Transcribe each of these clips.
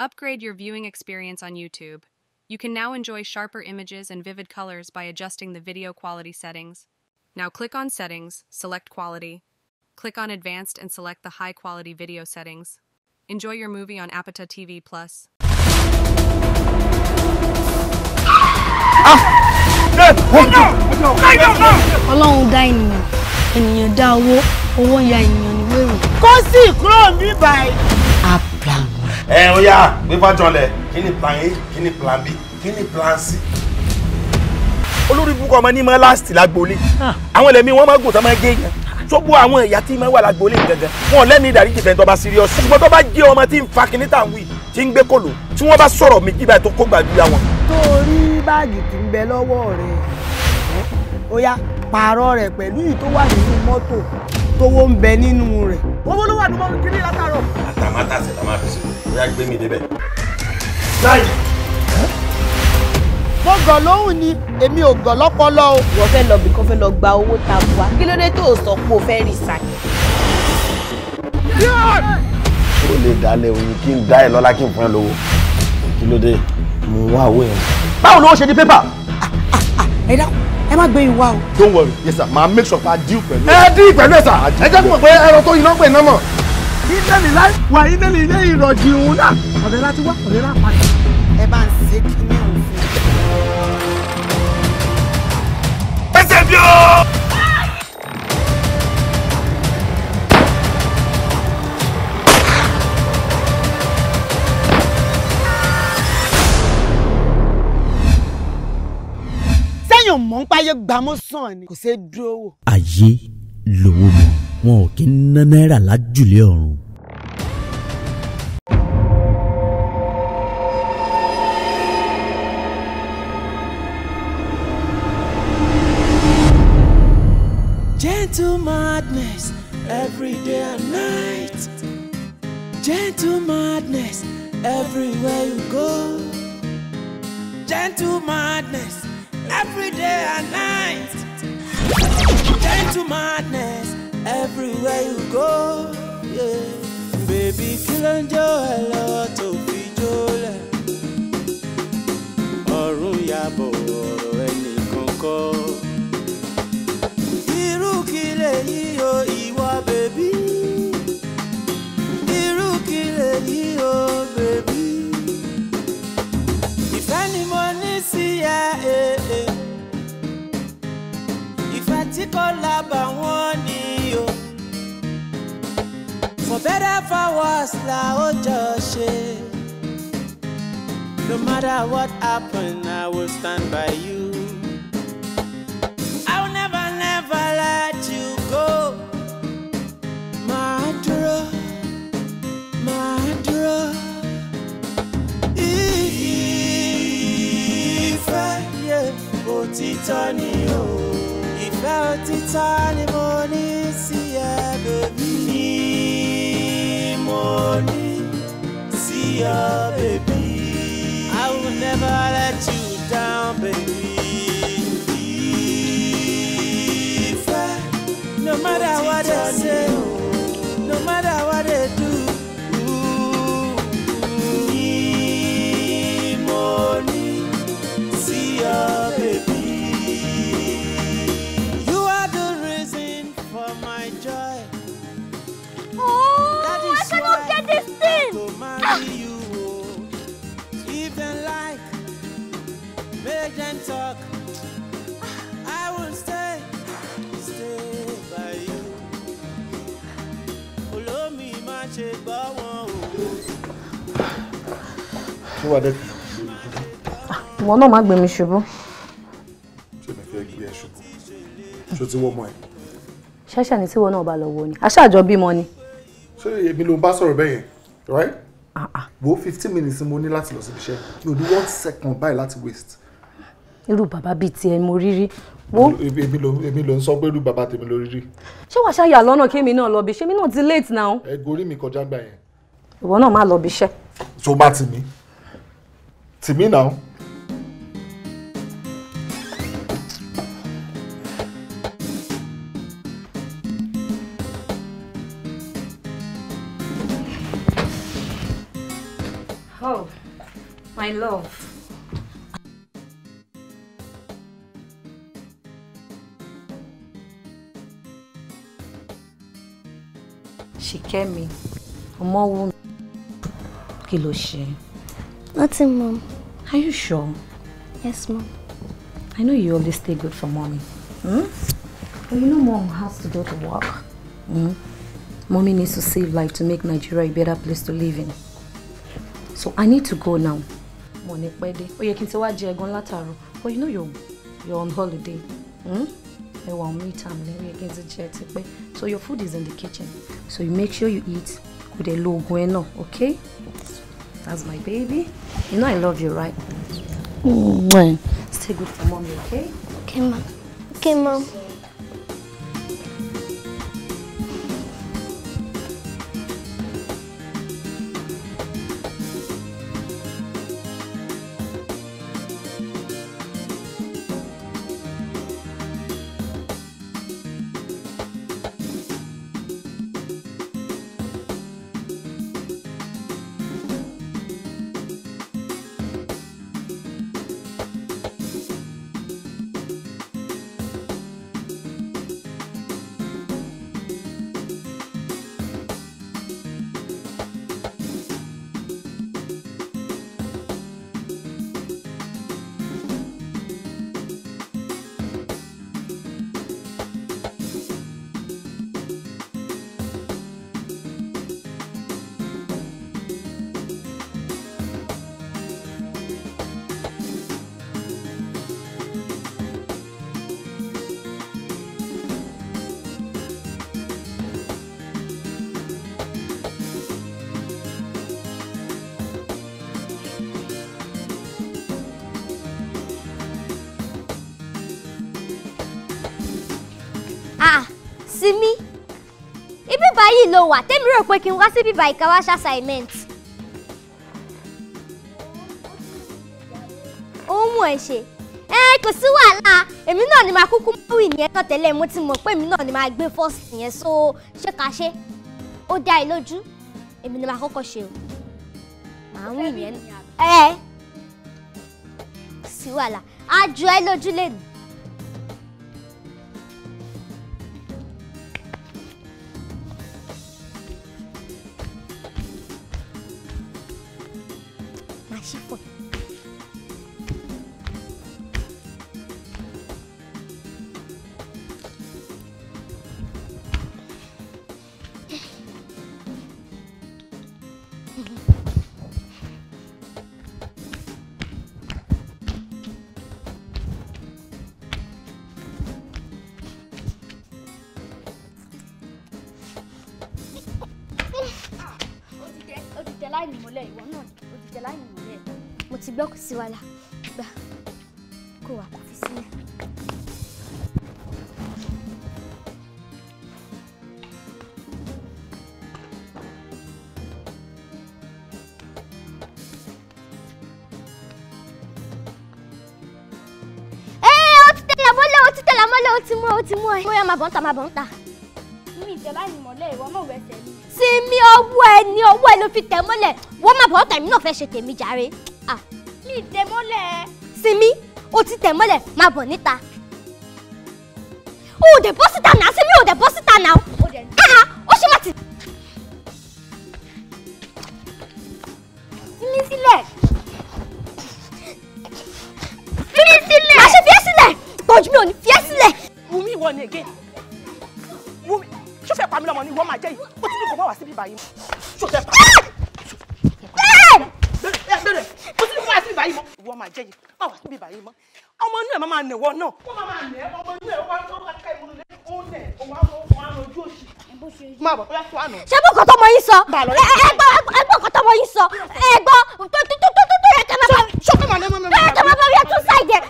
Upgrade your viewing experience on YouTube. You can now enjoy sharper images and vivid colors by adjusting the video quality settings. Now click on Settings, select Quality. Click on Advanced and select the High Quality Video settings. Enjoy your movie on Apata TV+. Plus. Ọlọ́run dá ènìyàn, ènìyàn dá owó, owó ya ènìyàn níwèrè. Kó sì kúrò níbàyí. Abraham. ẹ ó yá gbé fájọlẹ̀ kí ni plan a kí ni plan b kí ni plan c. olórí búkọ ọmọ ní mọ last lágbólé àwọn ẹlẹmí wọn máa gùn tó máa gé yẹn tó bó àwọn ẹ̀yà tí máa wà lágbólé gangan wọn lẹ́ni ìdarí jìfẹ́ tó bá serious ṣùgbọ́n tó bá jẹ́ ọmọ tí ń fa kinní tà ń wí tí ń gbé kòló tí wọ́n bá sọ̀rọ̀ méjì báyìí tó kó gbàdúrà wọn. torí báàgì tí ń bẹ lọ́wọ́ rẹ̀ ó yá pààrọ̀ rẹ̀ pẹ̀lú ì tó tówó ń bẹ nínú rẹ̀. owó ló wà ní mọ́mú kiri látàárọ̀. àtàmátà la máa fi ṣe bóyá gbé mi débẹ̀. láì. mo gàn lóhùn ni èmi ò gàn lọ́pọlọ o. ìwọ fẹ́ lọ bí kò fẹ́ lọ gba owó ta wá kí ló dé tó o sọ pé o fẹ́ rìn sàkè. ó lè dalẹ̀ òyìn kí n dá ẹ lọ́lá kí n fún ẹ lówó kí ló dé mo wá owó yẹn. báwo ló ṣe di pépà ẹ dákun ẹ má gbé ìwà o. don't worry yes sir ma make sure pa deal pẹ̀lú. ẹ díì pẹ̀lú ẹ sà ẹ jẹ́ kí mo pé ẹran tó iná pè iná mọ̀. ilé mi láì wà ilé mi ilé ìrọ̀jì òun náà ọ̀rẹ́ láti wá ọ̀rẹ́ láti padà. ẹ bá ń ṣe kí ní òfin. ẹsẹ̀ bí o. téèyàn mọ̀ ń páyé gbámú sàn ni kò ṣeé dúró wò. ayé lówó mi wọn ò kí ń ná náírà lájùlé ọ̀run. Gentle madness every day and night. Gentle madness everywhere you go. Gentle madness every day and night. Turn to madness everywhere you go. Yeah. Baby, kí ló ń jó ẹ lọ́wọ́ tó ya jólẹ̀? Ọ̀run yàbọ̀ ọ̀rọ̀ ẹnìkan kọ́. Irú kí lèyí o? better for worse, la ó jọ No matter what happen, I will stand by you. I'll never, never let you go. Máa dúró, máa dúró. Ìfẹ́ yẹ òtítọ́ ni o. Ìfẹ́ òtítọ́ ni mo ní sí ẹ, morning. See ya, baby. I will never let you down, baby. If no matter what I say, no matter what. ṣé wàá dẹ́kun. ìwọ náà má gbé mi ṣubú. ṣé mi fẹ́ gbé ẹ ṣubú ṣó ti wọ́ mọ́ ẹ. ṣẹ́ṣẹ́ ni tíwọ́ náà bá lọ wo ni aṣáàjọ bímọ ni. ṣé èmi ló ń bá sọ̀rọ̀ bẹ́ẹ̀ wo fifteen minutes mo ní láti lọ síbi iṣẹ́ mi ò ní one second báyìí láti waste. irú bàbá bíi tiẹ̀ mo rí rí wo. èmi ló èmi ló ń sọ pé irú bàbá tèmi ló rírí. ṣé wàá ṣàyà lọ́nà kémi náà lọ bí ṣé mi náà ti late now. ẹ gorí mi kọjá gbà yẹn. ìwọ náà má lọ bí iṣẹ́. tó bá ti ní to me now. Oh, my love. she came me mí, kí ló ṣe? Nothing, Mom. Are you sure? Yes, Mom. I know you always stay good for Mommy. Hmm? But you know Mom has to go to work. Hmm? Mommy needs to save life to make Nigeria a better place to live in. So I need to go now. Mo ní pẹ́ dé. Ó yẹ kí n ti wá jẹ But you know you're, you're on holiday. Hmm? ẹwà omi ìtàmì lẹ́yìn ẹgbẹ́ ti jẹ́ ti so your food is in the kitchen so you make sure you eat kò dẹ̀ lo oògùn okay. That's my baby. You know I love you, right? Mm -hmm. Stay good for mommy, okay? Okay, mom. Okay, mom. Simi ibi báyìí ló wà tẹ́mi rò pé kí n wá síbi báyìí ká wá ṣe assignment. ó mú ẹ ṣe ẹ kò sí wàhálà èmi náà ni màá kúkú mọ́wì nìyẹn náà tẹ́lẹ̀ mo ti mọ̀ pé èmi náà ni màá gbé first yẹn so ṣé ká ṣe ó dá ẹ lójú èmi ni màá kọ́kọ́ ṣe o màá wì yẹn ẹ sí wàhálà á ju ẹ lójú lẹ́nu. sí wàhálà gbà kó wà kó fi sílẹ̀. ti mú ọ ti mú ẹ. mo yà máa bọ̀ ń ta máa bọ̀ ń ta. mi ìtẹ̀ báyìí mọ̀lẹ́ ìwọ náà wẹ̀ tẹ̀lé. sinmi ọwọ́ ẹ ní ọwọ́ ẹ ló fi tẹ̀ mọ́lẹ̀ wọ́n máa bọ̀ ọ́ tẹ̀mí náà fẹ́ ṣe tèmi jàre ti tẹ̀ mọ́lẹ̀. Sinmi o ti tẹ̀ mọ́lẹ̀ máa bọ̀ níta. O ò dẹ̀ bọ́ síta náà Sinmi ò dẹ̀ bọ́ síta náà. ìwọ náà. ó máa nẹ ọmọ ilé wa ló wá ká ìmúlò lé ó nẹ òun á lójú òsì. má bọ̀ bóyá tó àná. ṣé bùkọ̀ tọmọ yín sọ ẹ bùkọ̀ tọmọ yín sọ ẹ gbọ́ tó tó tó tó tó yẹ kẹ́mẹ́ bá ṣọ́ kẹ́mẹ́ lé mọ́mọ́ yẹ kẹ́mẹ́ bá yẹ tún sáì dẹ̀.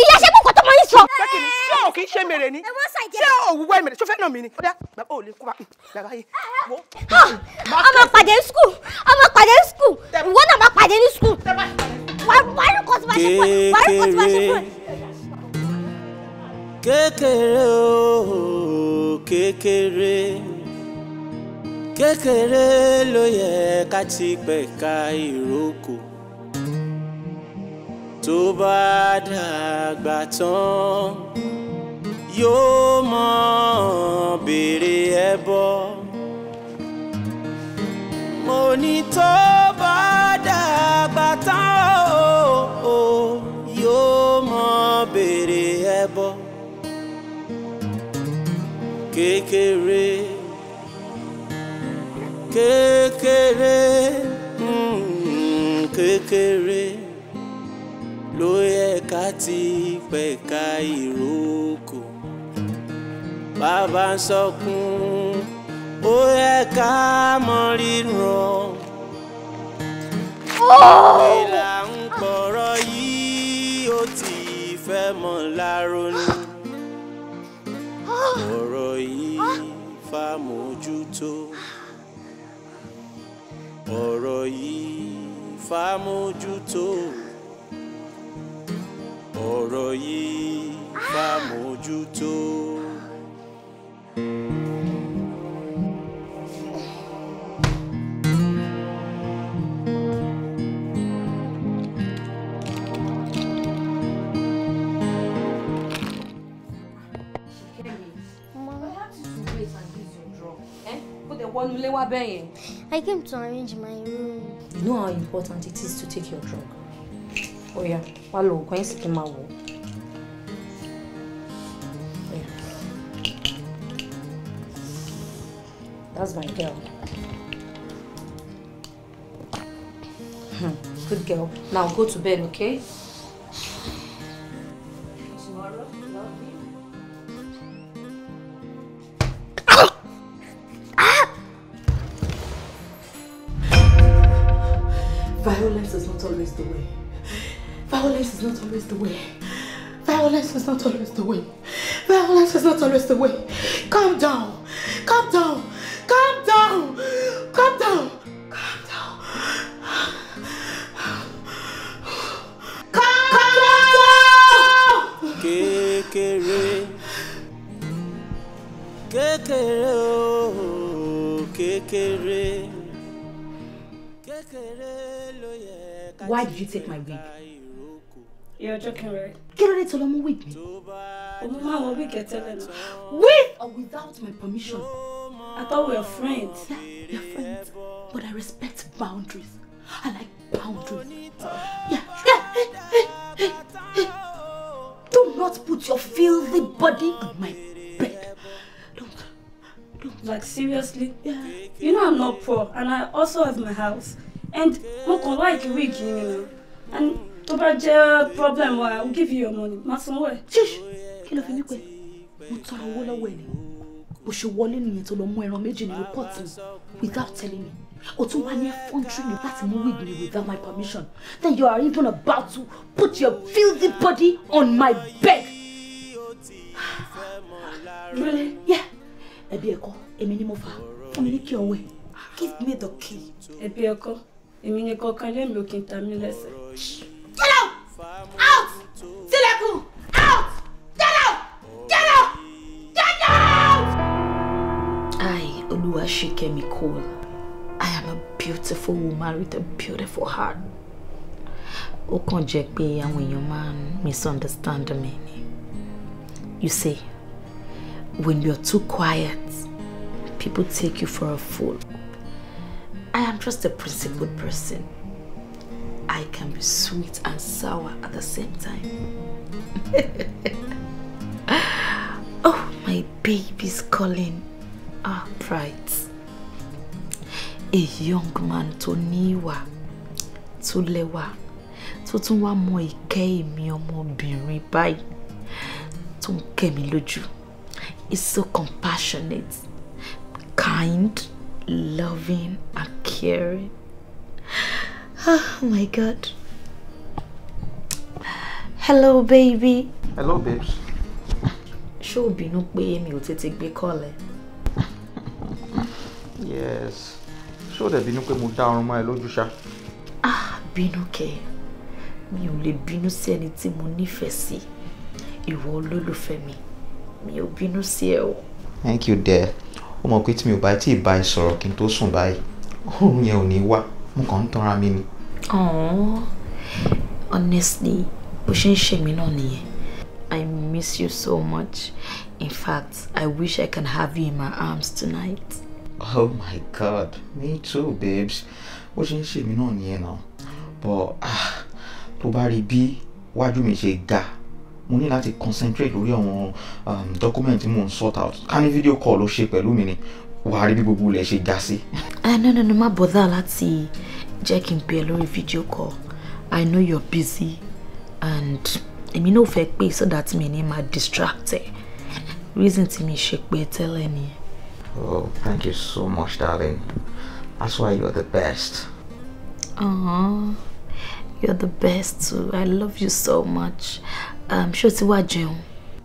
ìyá ṣé bùkọ̀ tọmọ yín sọ. ṣé kì í ṣe mèrè ni ṣé o wúwo ṣó fẹ́ nà ni. ó dá bàbá ò bàbá yìí. kékeré kékeré o kékeré kékeré ló yẹ ká ti pẹ̀ka ìrókò tó bá dàgbà tán yóò mọ béèrè ẹbọ mo ní tó. kékeré ló yẹ ká ti pẹ̀ka ìrókò bàbá ń sọkún ó yẹ ká mọ ríran ìlà ń pọ̀rọ̀ yìí ó ti fẹ́ mọ̀ láronú ọ̀rọ̀ yìí fàmójútó ọ̀rọ̀ yìí fàmójútó ọ̀rọ̀ yìí fàmójútó. I came to arrange my room. You know how important it is to take your drug. Oh yeah, wá lo oògùn yín oh, That's my girl. Hmm. Good girl. Now go to bed, okay? is not always the way. Violence is not always the way. Calm down. Calm down. Calm down. Calm down. Calm down. Calm down. Kékeré. Kékeré o. Kékeré. Kékeré ló Why did you take my baby? mi òun máa wọ wíìgì tẹ́lẹ̀ náà with or without my permission I thought we were friends. Yeah, we are friends but I respect boundaries I like boundaries. Yeah, yeah, hey, hey, hey, hey. Do not put your filthy body on my bed. Don't, don't. Like seriously? Yeah. You know I'm not poor and I also have my house and mo kàn like wíìgì yìí ni and tó bá jẹ́ problem wa i will give you your money má sanwó ẹ̀. ṣíṣ kí ló fi mí pé mo tọrọ owó lọ́wọ́ ẹ̀ ni bó ṣe wọlé nìyẹn tó lọ mú ẹran méjì ní report mi without telling me o tún wá ní fọ́ńtírì mi láti mú wig mi without my permission then you are even about to put your filthy body on my bed. really? yeah ẹbí ẹkọ èmi ni mo fà fún mi ní kí ọwọ́ ẹ give me the key. ẹbí ẹkọ èmi ni kankan lẹ́mi ò kí n ta mí lẹ́sẹ̀ out tilẹ̀kùn out get out get out get out. I Oluwaṣekemi Cole I am a beautiful woman with a beautiful heart. Ó kàn jẹ́ pé àwọn èèyàn máa misunderstand me You see, when you're too quiet, people take you for a fool. I am just a principled person. I can be sweet and sour at the same time. oh, my baby's calling. Ah, pride. A young man tó níwà, tó lẹ́wà, tó tún wá mọ ìkẹ́ èmi ọmọbìnrin báyìí, tó ń mi lójú. He's so compassionate, kind, loving and caring. Ah, oh my god. Hello baby. Hello babes. Show o bínú pé mi ò tètè gbé kọ́ọ̀lẹ̀? Yes. Show the dẹ̀ bínú pé mo dá Ah bínú kẹ̀. Mi ò lè bínú sí ẹni tí mo nífẹ̀ẹ́ sí. Ìwọ olólùfẹ́ mi. Mi ò o. Thank you dear. Ó mọ̀ pé tí mi ò bá tí ì bá ẹ sọ̀rọ̀ kí n tó sùn báyìí. Oorun Oh, honestly, bó ṣe ń ṣe mí náà I miss you so much. In fact, I wish I can have you in my arms tonight. Oh my God, me too, babes. Bó ṣe ń ṣe mí náà nìyẹn But ah, tó be, what you wájú mi ga, mo ní láti concentrate lórí àwọn um, document tí mò sort out. Ká ní video call ló ṣe pẹ̀lú mi ni, wàá rí bí gbogbo ilẹ̀ ṣe ga sí. Ah, no, no, no, má bọ̀dá láti jẹ́ kí n pè ẹ́ lórí fídíò call i know you're busy and èmi náà fẹ́ pé so that mi ní máa distract ẹ reason tí mi ṣe pé tẹ́lẹ̀ nìyẹn. oh thank you so much darling that's why you're the best. Uh-huh. you're the best too i love you so much um, ṣé o ti wá jẹun.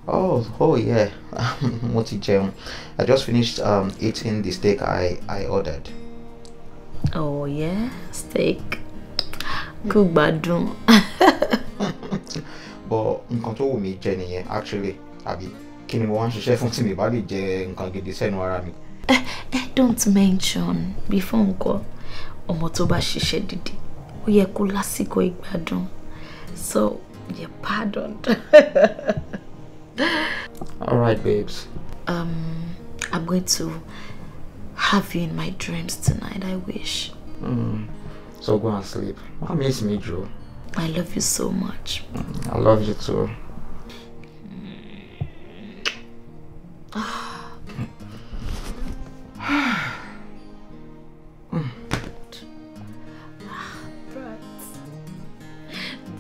Oh, oh yeah, mo ti jẹun. I just finished um, eating the steak I, I ordered. Oh yeah, steak. Kò badum. But nǹkan tó wù mí jẹ nìyẹn actually àbí Kini ni mo wá ń ṣiṣẹ́ fún mi bá lè jẹ nǹkan gidi sẹ́nu ara mi. Eh, eh, don't mention before nǹkan ọmọ tó bá ṣiṣẹ́ dídí ó yẹ kó lásìkò ìgbádùn so you're yeah, pardoned. All right babes. Um, I'm going to have you in my dreams tonight, I wish. Mm. So go and sleep. I miss me, Joe. I love you so much. Mm, I love you too.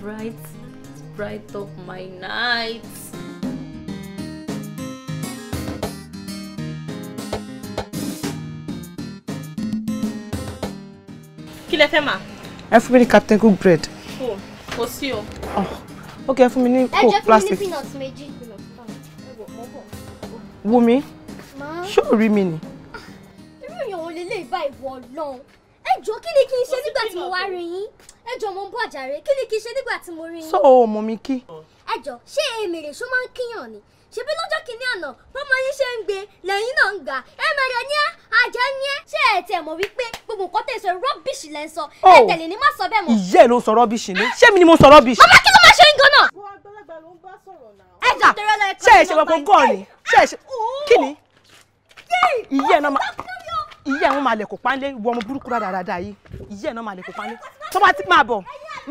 bright, bright of my night. kí lẹ fẹ́ mà. ẹ fún mi ní captain cook bread. o kò sí o. Ah, ok ẹ fún mi ní coke plastic. ẹ jẹ́ fún mi ní peanut méjì. Wumi ṣé ò rí mi ni. Ah, irú èèyàn ò lè lè bá ìwọ Ọlọ́run ẹ jọ kí ni kí n ṣe nígbà tí mo wá rí yín ẹ jọ mo ń bọ̀ jàre kí ni kí n ṣe nígbà tí mo rí yín. sọ ọmọ mi kí. ẹ jọ ṣé èmèrè ṣó máa ń kíyàn ni ṣebí lọ́jọ́ kìíní àná bọ́mọ yín ṣe ń gbé lẹ́yìn náà ń gà ẹ mẹ́rẹ̀ ní àjẹ́ ní ẹ́ ṣé ẹ tiẹ̀ mọ̀ wípé gbogbo nǹkan tẹ̀ sọ rọ́bìṣì lẹ́ ń sọ oh! ẹ tẹ̀lé ní má sọ bẹ́ẹ̀ mọ́. ìyá ẹ ló ń sọ rọ́bìṣì ni ṣé mi ni mo sọ rọ́bìṣì. màmá kí ló máa ṣe ń gan náà. ẹ̀dà ṣe é ṣe gbogbo gọ́ọ̀nì ṣe é ṣe kí ni ìyá ẹ náà máa ìyá ẹ̀ wọn máa lẹ̀ kó pánlé wọ ọmọ burúkú rádaràda yìí ìyá ẹ̀ náà máa lẹ̀ kó pánlé tó bá ti máa bọ̀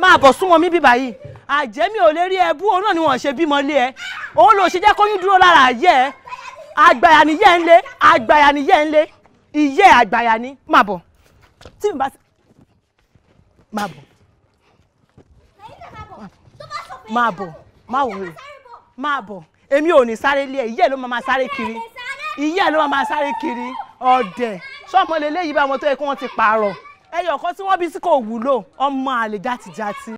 máa bọ̀ súnmọ́ mi bíbá yìí àjẹ́ mi ò lè rí ẹ òun náà ni wọ́n ṣe bímọ lé ẹ òun ló ṣe jẹ́ kóyún dúró lára àyẹ́ ẹ àgbàyà ni yẹ́ ń lé àgbàyà ni yẹ́ ń lé ìyẹ́ àgbàyà ni máa bọ̀ tí mi bá ti máa bọ̀ máa bọ̀ máa wò ó máa bọ̀ èmi ò ní sáré lé ẹ ìyẹ́ ló máa sáré kiri ìyẹ́ ló máa sáré kiri ọ̀dẹ̀ ṣọ́ọ̀mọ́ lélẹ́yìí bá wọn tó yẹ kí wọ́n ti pààrọ̀ ẹyọ kan tí wọ́n bí sí kò wúlò ọmọ àlè játijàti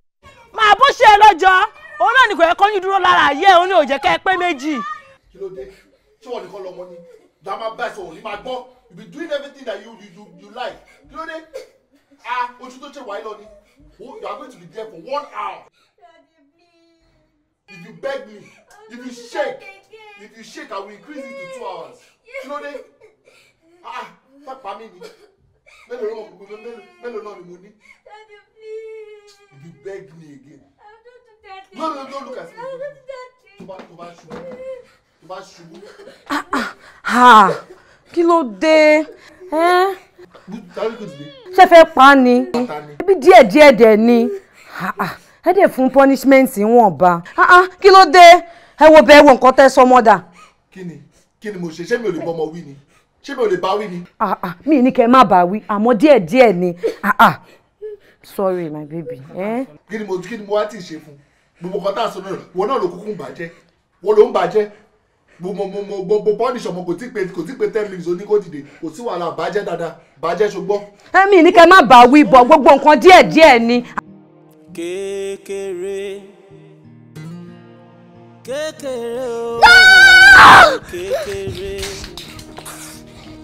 máa bó ṣe lọ́jọ́ òun náà nìkan ẹ̀kọ́ yín dúró lára ayé òun ní òjẹ́ kẹ́ ẹ pé méjì. kí ló dé tí wọn nìkan lọmọ ni grandma best òun ní máa gbọ́ you be doing everything that you you you, like kí ló dé ah ojú tó ṣe wáyé lọ ni you are going to be there for one hour if you beg me if you shake if you shake i will increase it to two hours kí ló dé ah fẹ́ pa ni mélòó náà mo mélòó náà ni mo ní. Daddy please. You beg me again. I don't do that. No no no look at me. I don't do that. Tó bá tó bá ṣubú tó bá ṣubú. Ah, ah, kí ló dé? Ṣé fẹ́ pa ni? Ibi díẹ̀ díẹ̀ dẹ̀ ni ẹ dẹ̀ fún punishment wọn ba ah, kí ló dé ẹ wo bẹ́ẹ̀ wo nǹkan tẹ́ sọ mọ́dà. kí ni kí ni mo ṣe ṣé mi ò lè bọ́ ọmọ wí ni ṣé mi ò lè bá wí ni. Ah, ah, mi ní kẹ́ ẹ má bá wí àmọ́ díẹ̀ díẹ̀ ni ah, sorry my baby. Eh? kí ni mo kí ni mo wá tì í ṣe fún gbogbo kan tá a sọ náà wọn náà ló kúkú ń bàjẹ́ wọn ló ń bàjẹ́ gbogbo pọ́nìṣì ọmọ kò tí pe kò tí pe ten minutes ó ní kó dìde kò sí wàhálà bàjẹ́ dáadáa bàjẹ́ ṣùgbọ́n. ẹ̀mí eh, ní kẹ́ má bá wí bọ̀ gbogbo nǹkan díẹ̀ díẹ̀ ni. kékeré kékeré o kékeré.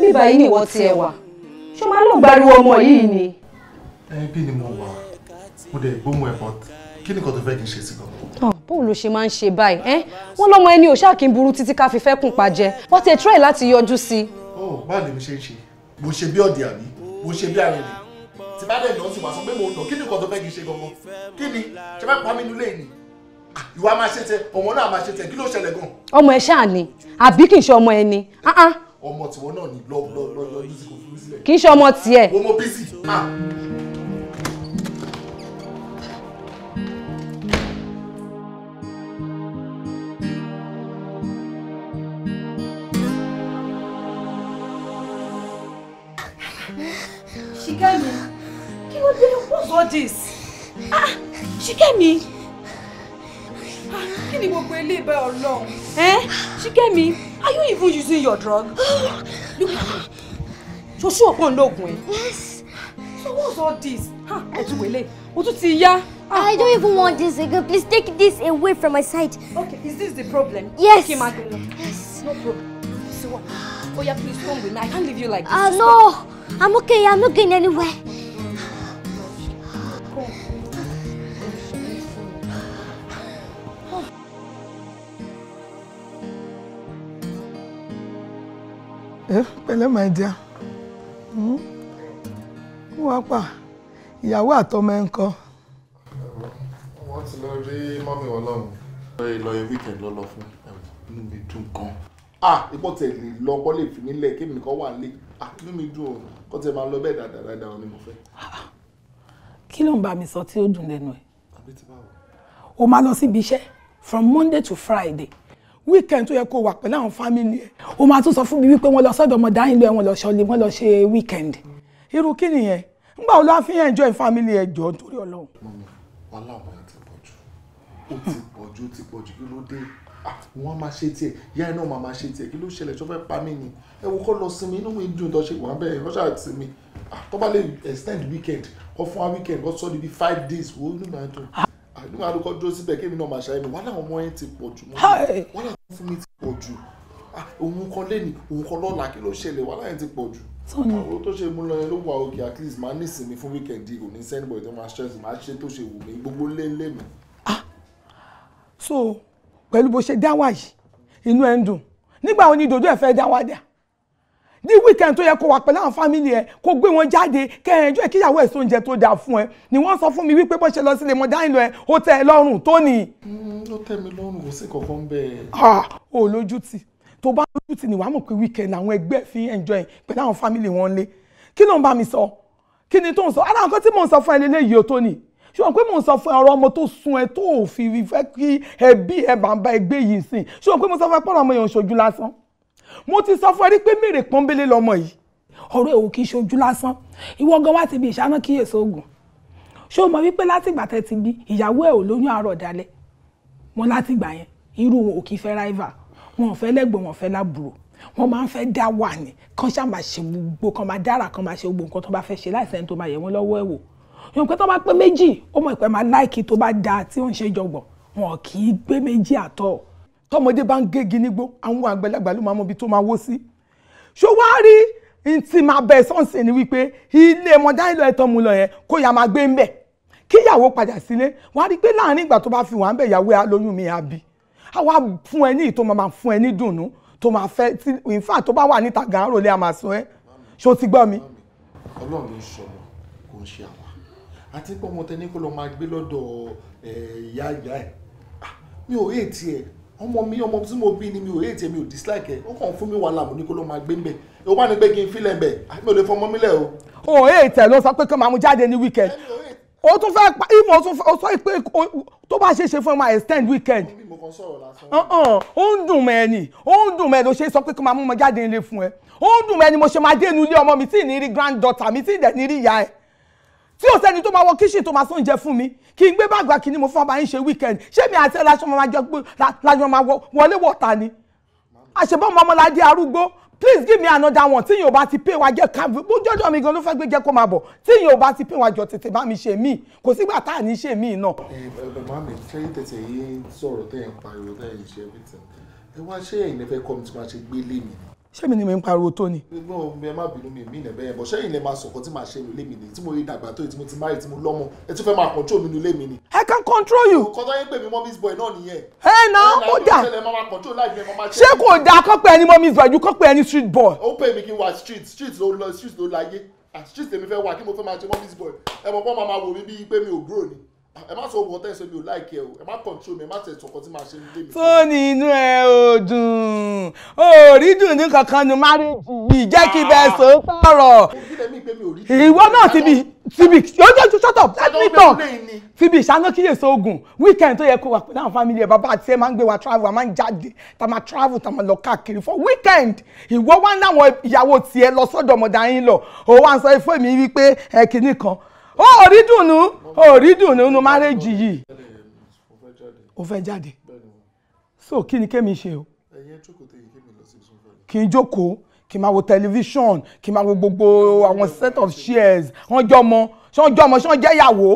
ní báyìí ni ìwọ tiẹ̀ wà ṣó máa ló gbariwo ọmọ yìí ni. ẹbí ni mo wà mo dẹ̀ gbóhùn ẹ̀ bọ́t kí ni nǹkan tó fẹ́ kí n ṣe sí gan. bóun ló ṣe máa ń ṣe báyìí ẹ wọn lọmọ ẹni ò ṣáà kí n burú títí ká fi fẹ́ kùn pa jẹ wọ́n ti try láti yọjú sí i. ó báà lèmi ṣe ń ṣe mo ṣe bí ọ̀dẹ̀ àbí mo ṣe bí àrẹ̀lẹ̀ tí bá dẹ̀ lọ sí wàá sọ pé mo nà kí ni nǹkan fẹ́ kí n ṣe gangan kí ni ṣe bá pa mí nulẹ̀ ni ìwà máa ṣe tẹ ọmọ náà máa ṣe tẹ kí ló ṣẹlẹ̀ gan. ọmọ ẹ ṣáà ni àbí kì í ṣe ọmọ ẹ ni ah, ah. ọmọ tiwọn náà ni lọ lọ lọ lọ yìí kò fún mi sílẹ̀. kì í ṣe ọmọ tiẹ̀. ọmọ bísí. Ṣìkẹ́mi, ah. kí ló dé? What's all this? Ah, Ṣìkẹ́mi. Kí ni gbogbo ilé ibẹ̀ ọlọ́run? Ẹ́ Ṣíkẹ́mi, are you even using your drug? Look at me. Ṣoṣù ọ̀pọ̀n lóògùn ẹ̀. Yes. So what's all this? Ẹ̀tún wèlé, o tún ti yá. Ah. I don't even want this again. Please take this away from my sight. Okay, is this the problem? Yes. Okay, Magdalena. Yes. No problem. So what? Oh please come with me. I can't leave you like this. Uh, no, I'm okay. I'm not going anywhere. ẹ eh, pẹ̀lẹ́ my dear hmm? wọ́n pa ìyàwó àtọmọ ẹ̀ ń kọ́. wọ́n ti lọ rí mọ́mí wọn lọ́hùn. ìlọyẹ weekend lọ lọ fún inú mi dùn gan. ah ipò tẹ̀ lè lọ kọ́ lè fi mí lẹ̀ kí èmi kan wà lé inú mi dùn o kó tẹ̀ máa lọ bẹ́ẹ̀ dáadáa dáadáa ni mo fẹ́. kí ló ń bá mi sọ tí ó dùn lẹ́nu ẹ̀. àbí ti báwo. o máa lọ síbi iṣẹ́ from Monday to Friday weekend tó yẹ kó wà pẹ̀lú àwọn family ẹ̀ o máa tún sọ fún mi wípé wọ́n lọ sọ́dọ̀ ọmọ dáhìn lọ wọn lọ ṣọlẹ̀ wọ́n lọ ṣe weekend irú kí nìyẹn nígbà wo ló fi ń enjoy family ẹ̀ jọ nítorí ọlọ́run. mọ́mí aláwọ̀ ẹ̀ ti pọ̀ jù ó ti pọ̀ jù ó ti pọ̀ jù kí ló dé ah, wọ́n máa ṣe tiẹ̀ ìyá iná máa máa ṣe tiẹ̀ kí ló ṣẹlẹ̀ tó fẹ́ pa mí ni ẹ wo kọ́ lọ sinmi inú mi dùn tó ṣe wà bẹ́ẹ̀ wọ́n ṣáà sinmi ah, tó bá lè extend weekend kọ́ fún wa weekend kọ́ sọ́ọ́ di bíi five days wo ní màá dùn nígbà tó kọ́ dúró síbẹ̀ kí èmi náà máa ṣàyẹ̀mí wàhálà ọmọ yẹn ti pọ̀ jù mọ́ wàhálà fún mi ti pọ̀ jù ah, òun kan lẹ́nu òun kan lọ́la kí ló ṣẹlẹ̀ wàhálà yẹn ti pọ̀ jù àwọn tó ṣe mú lọ yẹn ló wà òkè at least máa nísinmi fún wíkẹ̀ndì kò ní sẹ́ni bọ̀dé máa stress máa ṣe tó ṣe wù mí gbogbo lélẹ̀ mi. Ah, so pẹ̀lú bó ṣe dá wà yìí inú ẹ̀ ń dùn nígbà wo ni dòdò ẹ̀ fẹ́ dá wà dà ní weekend tó yẹ kó wà pẹ̀lú àwọn family ẹ̀ kó gbé wọn jáde kẹ́hìnjú ẹ̀ kíyàwó ẹ̀ sóúnjẹ tó dáa fún ẹ ni wọ́n sọ fún mi wípé bó ṣe lọ sílé mọ́dá ìlú ẹ̀ ó tẹ́ ẹ lọ́rùn tó nì. Mm, ó tẹ́ mi lọ́rùn kò sí kankan bẹ́ẹ̀. ó lójú tì tó bá lójú tì ní wàá mọ̀ pé weekend àwọn ẹgbẹ́ fi enjoy pẹ̀lú àwọn family wọn lé kí ló ń bá mi sọ kí ni tó ń sọ ara nǹkan tí mò ń sọ fún ẹ lélẹ́yìí ó tó nì ṣùgbọ́n pé mò ń sọ fún ọ̀rọ̀ ọmọ tó sun ẹ tó fi fẹ́ kí ẹbí ẹ bàbá ẹgbẹ́ yìí sìn ṣùgbọ́n pé mo sọ fún ẹ pọ̀rọ̀ yẹn ò ṣojú lásán mo ti sọ fún ẹ rí pé mèrè pọ́nbélé lọmọ yìí ọ̀rọ̀ èwo kì í ṣojú lásán ìwọ gan wá ti bí ìṣáná kíyèsí oògùn ṣé o mọ̀ wípé látìgbà tẹ́ ti bí ìyàwó ẹ̀ ò lóyún àárọ̀ dalẹ̀ wọn látìgbà yẹn irú wọn ò kì í fẹ́ ráìvà wọn ò fẹ́ lẹ́gbọ̀n wọn ò fẹ́ lábúrò wọn máa ń fẹ́ dá wà ní kán ṣáà máa ṣe gbogbo kan máa dára kan máa ṣe gbogbo nǹkan tó bá fẹ́ ṣe láìsẹ́ni tó máa yẹ̀ wọ́n lọ́wọ́ ẹ̀ wò yóò pé tó bá pé méjì ó mọ̀ ìpẹ́ máa láìkí tó bá dáa tí ó ń ṣe jọgbọ̀n wọn kì í gbé méjì àtọ̀ tọmọdé bá ń gégi nígbó àwọn àgbàlagbà ló máa mọ ibi tó máa wó sí ṣó wá rí ntí máa bẹ sọ́ọ̀sì ni wípé ilé mọ̀dá ìlọ ẹ̀tọ́ mu lọ yẹn kó yà máa gbé ń bẹ̀ kíyàwó padà sílé wá rí pé láàrin ìgbà tó bá fi wà ń bẹ̀ ìyàwó ẹ̀ alóyún mi àbí àwa fún ẹ ní ìtò máa fún ẹ ní dùnnú tó máa fẹ́ tí in tó bá wà níta gan rò lé àmàsùn ẹ ṣó ti gbọ́ mi. ọlọ́run ló ń sọ̀rọ̀ kò ń ṣe àwa àti pé ọmọ tẹni máa gbé lọ́dọ̀ ìyá ìyá ẹ̀ ah, mi ò yé tiẹ̀ ọmọ mi ọmọ tí mo bí ni mi ò yé tèmi ò dislike ẹ ó kàn fún mi wàhálà mo ní kó ló máa gbé mbẹ ó wá ní pé kí n fílẹ̀ mbẹ àbí mi ò lè fọmọ mi lẹ̀ o. o èyí tẹ̀ ló sọ pé kí n máa mú jáde ní weekend o tún fẹ́ pa ìmọ̀ tún fẹ́ sọ pé tó bá ṣe ṣe fún ẹ máa extend weekend. ó ń dùn mọ́ ẹ ni ó ń dùn mọ́ ẹ ló ṣe sọ pé kí n máa mú ọmọ jáde nílé fún ẹ ó ń dùn mọ́ ẹ ni mo ṣe máa dé inú ilé ọmọ mi tí ì ní rí granddaughter mi tí ì dẹ̀ ní rí ìyá ẹ tí ò sẹ́ni tó máa wọ kíṣìn tó máa sún oúnjẹ fún mi kí n gbé bàgbà kìíní mo fún ọba yín ṣe wíkẹ́ndì ṣé mi àti ẹlẹ́ṣọ́ máa jọ pé lájọ máa wọlé wọ̀ta ni àṣebọ́ ọmọ ọmọládé arúgbó please give me another one tí yóò bá ti pè wá jẹ́ ká bójọ́jọ́ mi gan ló fẹ́ gbé jẹ́ kó máa bọ̀ tí yóò bá ti pè wá jọ tètè bá mi ṣe mí kò sígbà tá à ní ṣe mí náà. ẹ ẹ mami ṣé tètè yín sọ̀rọ̀ tẹ̀ pariwo tẹ̀ ṣe everything ẹ wá ṣé ẹ̀yin fẹ́ kọ́ ṣé ni mi ń pariwo tó ni. inú ẹ má bínú mi mí nẹ̀bẹ̀ yẹn bọ̀ sẹ́yìn lè máa sọ̀kọ́ tí màá ṣe nílé mi nìyí tí mo rí dàgbà tó yìí tí mo ti máa rí tí mo lọ́mọ ẹ tún fẹ́ máa control mi nílé mi ni. I can control you. kọ́ tó yẹ pé mi mommy's boy náà nìyẹn. ẹ na ó dà ṣé kò dà kọ́ pé ẹni mommy's boy ju kọ́ pé ẹni street boy. ó pè mí kí n wá street street ló lọ street ló láyé ah, street èmi fẹ́ wà kí mo fẹ́ máa ṣe mommy's boy ẹ mọ̀ pọ́n máa wò mí bíi pé mi ò grow ni ẹ má sọ ogun ọtẹ ìṣẹ́bi ò láìkí ẹ o ẹ má kọ̀ntró mi ẹ má tẹ̀ sọ̀kọ́ tí màá ṣe nílé mi. fóònù inú ẹ ò dùn ò dùn ní kankan ní márùn yìí jẹ́ kí bẹ́ẹ̀ sọ sọ̀rọ̀ ìwọ náà ti bi ti bi yóò jẹ́ shut up let me talk ti bi ìṣáná kíyèsí ogun weekend tó yẹ kó wà pẹ̀lú àwọn family ẹ̀ bàbá àti ẹ̀ máa ń gbé wa travel a máa ń jáde tá a travel tá a lọ káàkiri for weekend ìwọ wá ń láwọn ìyàwó tiẹ̀ lọ sọ́dọ̀ ọmọdé ayín lọ òun wá ń sọ fún mi wípé ẹ̀ kìnnìkan ó rí dùnú ó rí dùnú nínú márẹ́jì yìí ó fẹ́ jáde so kí ni kémi ṣe o kí n jókòó kí n máa wo tẹlifíṣọ̀n kí n máa wo gbogbo àwọn set of shares wọ́n jọ ọmọ ṣé wọ́n jọ ọmọ ṣé wọ́n jẹ́ ìyàwó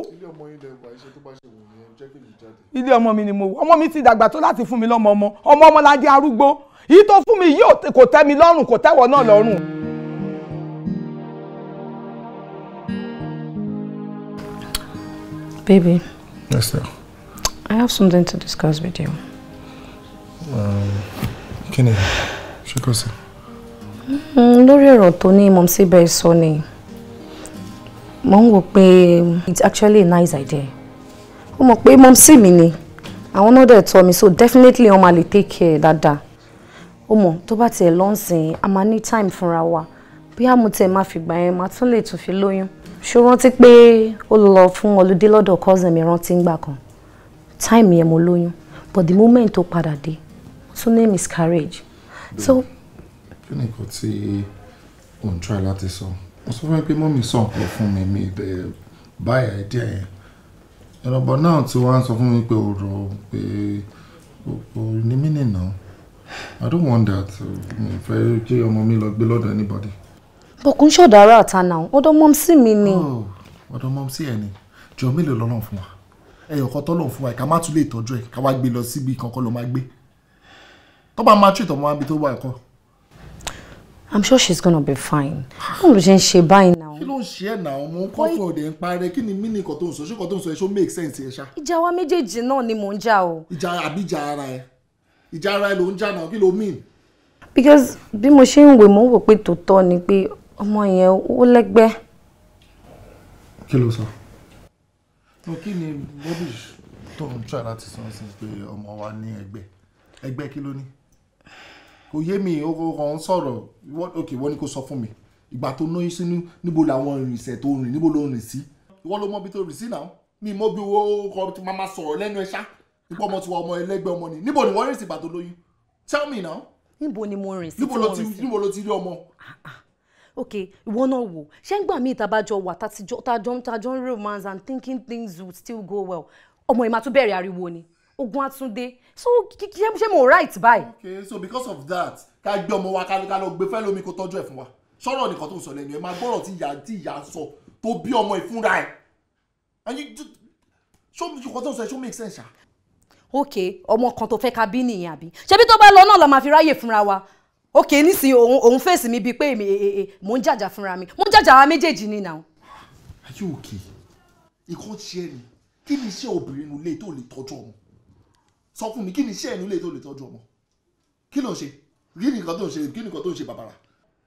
ilé ọmọ mi ni mo wò ọmọ mi ti dàgbà tó láti fún mi lọ́mọ ọmọ ọmọ ọmọ ládé arúgbó yìí tó fún mi yìí kò tẹ́ mi lọ́rùn kò tẹ́wọ̀ náà lọ́rùn. Baby. Yes, sir. I have something to discuss with you. Um, Kenny, ṣé kò sí? Mm, lórí ọ̀rọ̀ tó ní mọ̀ sí bẹ́ẹ̀ sọ ni, mo it's actually a nice idea. Ó mọ̀ pé mọ̀ sí mi ni, àwọn náà dẹ̀ tọ́ mi so definitely I'm máa lè take care dáadáa. Ó mọ̀ tó bá tiẹ̀ lọ́nsìn, a máa ní time fúnra wa bóyá mo tẹ̀ máa fìgbà yẹn máa tún lè tún fi lóyún ṣó rántí pé ó lọ fún ọlùdé lọ́dọ̀ cousin mi rántí ngbà kan time yẹn mo lóyún but the moment tó padà dé tún ní miscarriage so. kí ni nǹkan tí ò ń try láti sọ mo sọ fún mi pé mọ́mí sọ nǹkan fún mi mi báyà díẹ̀ yẹn ìrọ̀bọ̀ náà tí wọ́n á sọ fún mi pé ọ̀rọ̀ pé kò ní mí nìyàn i don't want that mi fẹ́ kí ọmọ mi lọ gbé lọ́dọ̀ anybody bọ̀kún ṣọ̀dọ̀ ara àta náà ọ̀dọ̀ mọ́mísì mi ni. Oh, ọ̀dọ̀ mọ́mísì ẹ̀ ni jọ mélòó lọ́nà fún wa ẹyọ kan tọ́lọ̀ fún wa ká má tún lè tọ́jú ẹ̀ ká wá gbé lọ síbi kankan ló máa gbé tó bá máa tún ìtọ́mọ́ àbí tó wà ẹ̀kọ́. I'm sure she's gonna be fine. Báwo ló ṣe ń ṣe báyìí náà? Kí ló ń ṣe ẹ̀ náà? Mo ń kọ́ fún òde ń parẹ́. Kí ni mínì kan tó ń sọ? Ṣé kan tó ń sọ ẹ ṣó make sense ẹ ṣá? Ìjà wa méjèèjì náà ni mò ń jà o. Ìjà àbí ìjà ara ẹ. Ìjà ara ẹ ló ń jà náà. Kí ló mean? Because bí mo ṣe ń wè mo ń wò pé tòótọ́ ni pé ọmọ yẹn ó lẹ́gbẹ́. kí ló sọ. no kí ni rubbish tó ń try láti sọ since pé ọmọ wa ní ẹgbẹ́ ẹgbẹ́ kí ló ní. kò yé mi ó kàn ń sọ̀rọ̀ ok wọ́n ní kó sọ fún mi ìgbà tó ná yín sínú níbo làwọn ìrìnsẹ̀ tó rìn níbo ló rìn sí ìwọ ló mọ ibi tó rìn sí náà mi mọ bí owó kọ tí màmá sọ̀rọ̀ lẹ́nu ẹ̀ ṣá ipò ọmọ tiwa ọmọ ẹlẹ́gbẹ́ ọmọ ni níbo ni wọ́n rìn sí ìgbà lóyún tell me now. níbo ni mo rìn sí tí mo rìn sí níbo ló ti rí ọmọ ah, ah ok ìwọ náà wò ṣé ń gbà mí ìtabàjọ wà tàtijọ́ tàjọ́ ń romance and thinking things would still go well ọmọ ìmọ̀ àtúbẹ̀rẹ̀ ariwo ni ogun atunde so ṣé ṣé mo right báyìí. ok so because of that ká gbé ọmọ wa ká lọ gbé fẹ́ lómi kó tọ́jú ẹ̀ fún wa sọ̀rọ̀ nìkan tó ń sọ lẹ́nu ẹ̀ máa gbọ́rọ̀ tí ìyá tí ìyá sọ tó bí ọmọ ìfúnra ẹ̀ ẹ̀yin ṣó nìkan tó ń sọ ẹ̀ ṣó make sense ṣá. ok ọmọ kan tó fẹ́ ka bí nìyẹn àbí ṣebí tó bá lọ náà la máa fi ráyè fúnra wa ok nísìnyí òun òun fèsì mi bíi pé èmi èè mò ń jàjà fúnra mi mò ń jàjà àwọn méjèèjì ni now. are you okay ìkan ti ẹ ni kí ni iṣẹ́ obìnrin nu ilé tó lè tọ́jú ọmọ sọ fún mi kí ni iṣẹ́ ẹnu ilé tó lè tọ́jú ọmọ kí ló ń ṣe kí ni nǹkan tó ń ṣe kí ni nǹkan tó ń ṣe bàbàrà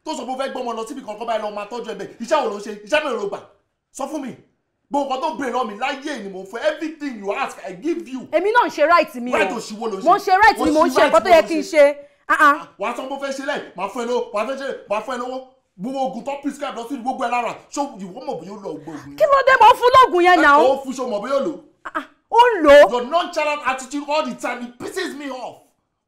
tó sọ pé ó fẹ́ gbọ́mọ lọ síbi kankan báyìí lọ máa tọ́jú ẹbẹ̀ iṣẹ́ wo ló ń ṣe iṣẹ́ mẹ́rin ló gbà sọ fún mi gbogbo nǹkan tó bèrè lọ́mí láyé ni mo fẹ́ everything you ask I give you. èmi náà ń ṣe right mi o mo ń ṣe right mi mo ń ṣe nǹkan tó yẹ kí n ṣe Ah, wàá sọ bó fẹ́ ṣe lẹ́yìn màá fún ẹ lówó màá fẹ́ ṣe màá fún ẹ lówó gbogbo oògùn tó prescribe lọ sí gbogbo ẹ lára ṣó ìwọ mọ̀ bóyá ó lọ gbogbo oògùn yẹn. kí ló dé mọ fún lóògùn yẹn náà. ó fún ṣó mọ̀ bóyá ó lò. ó lò. your nonchalant attitude all the time it pisses me off.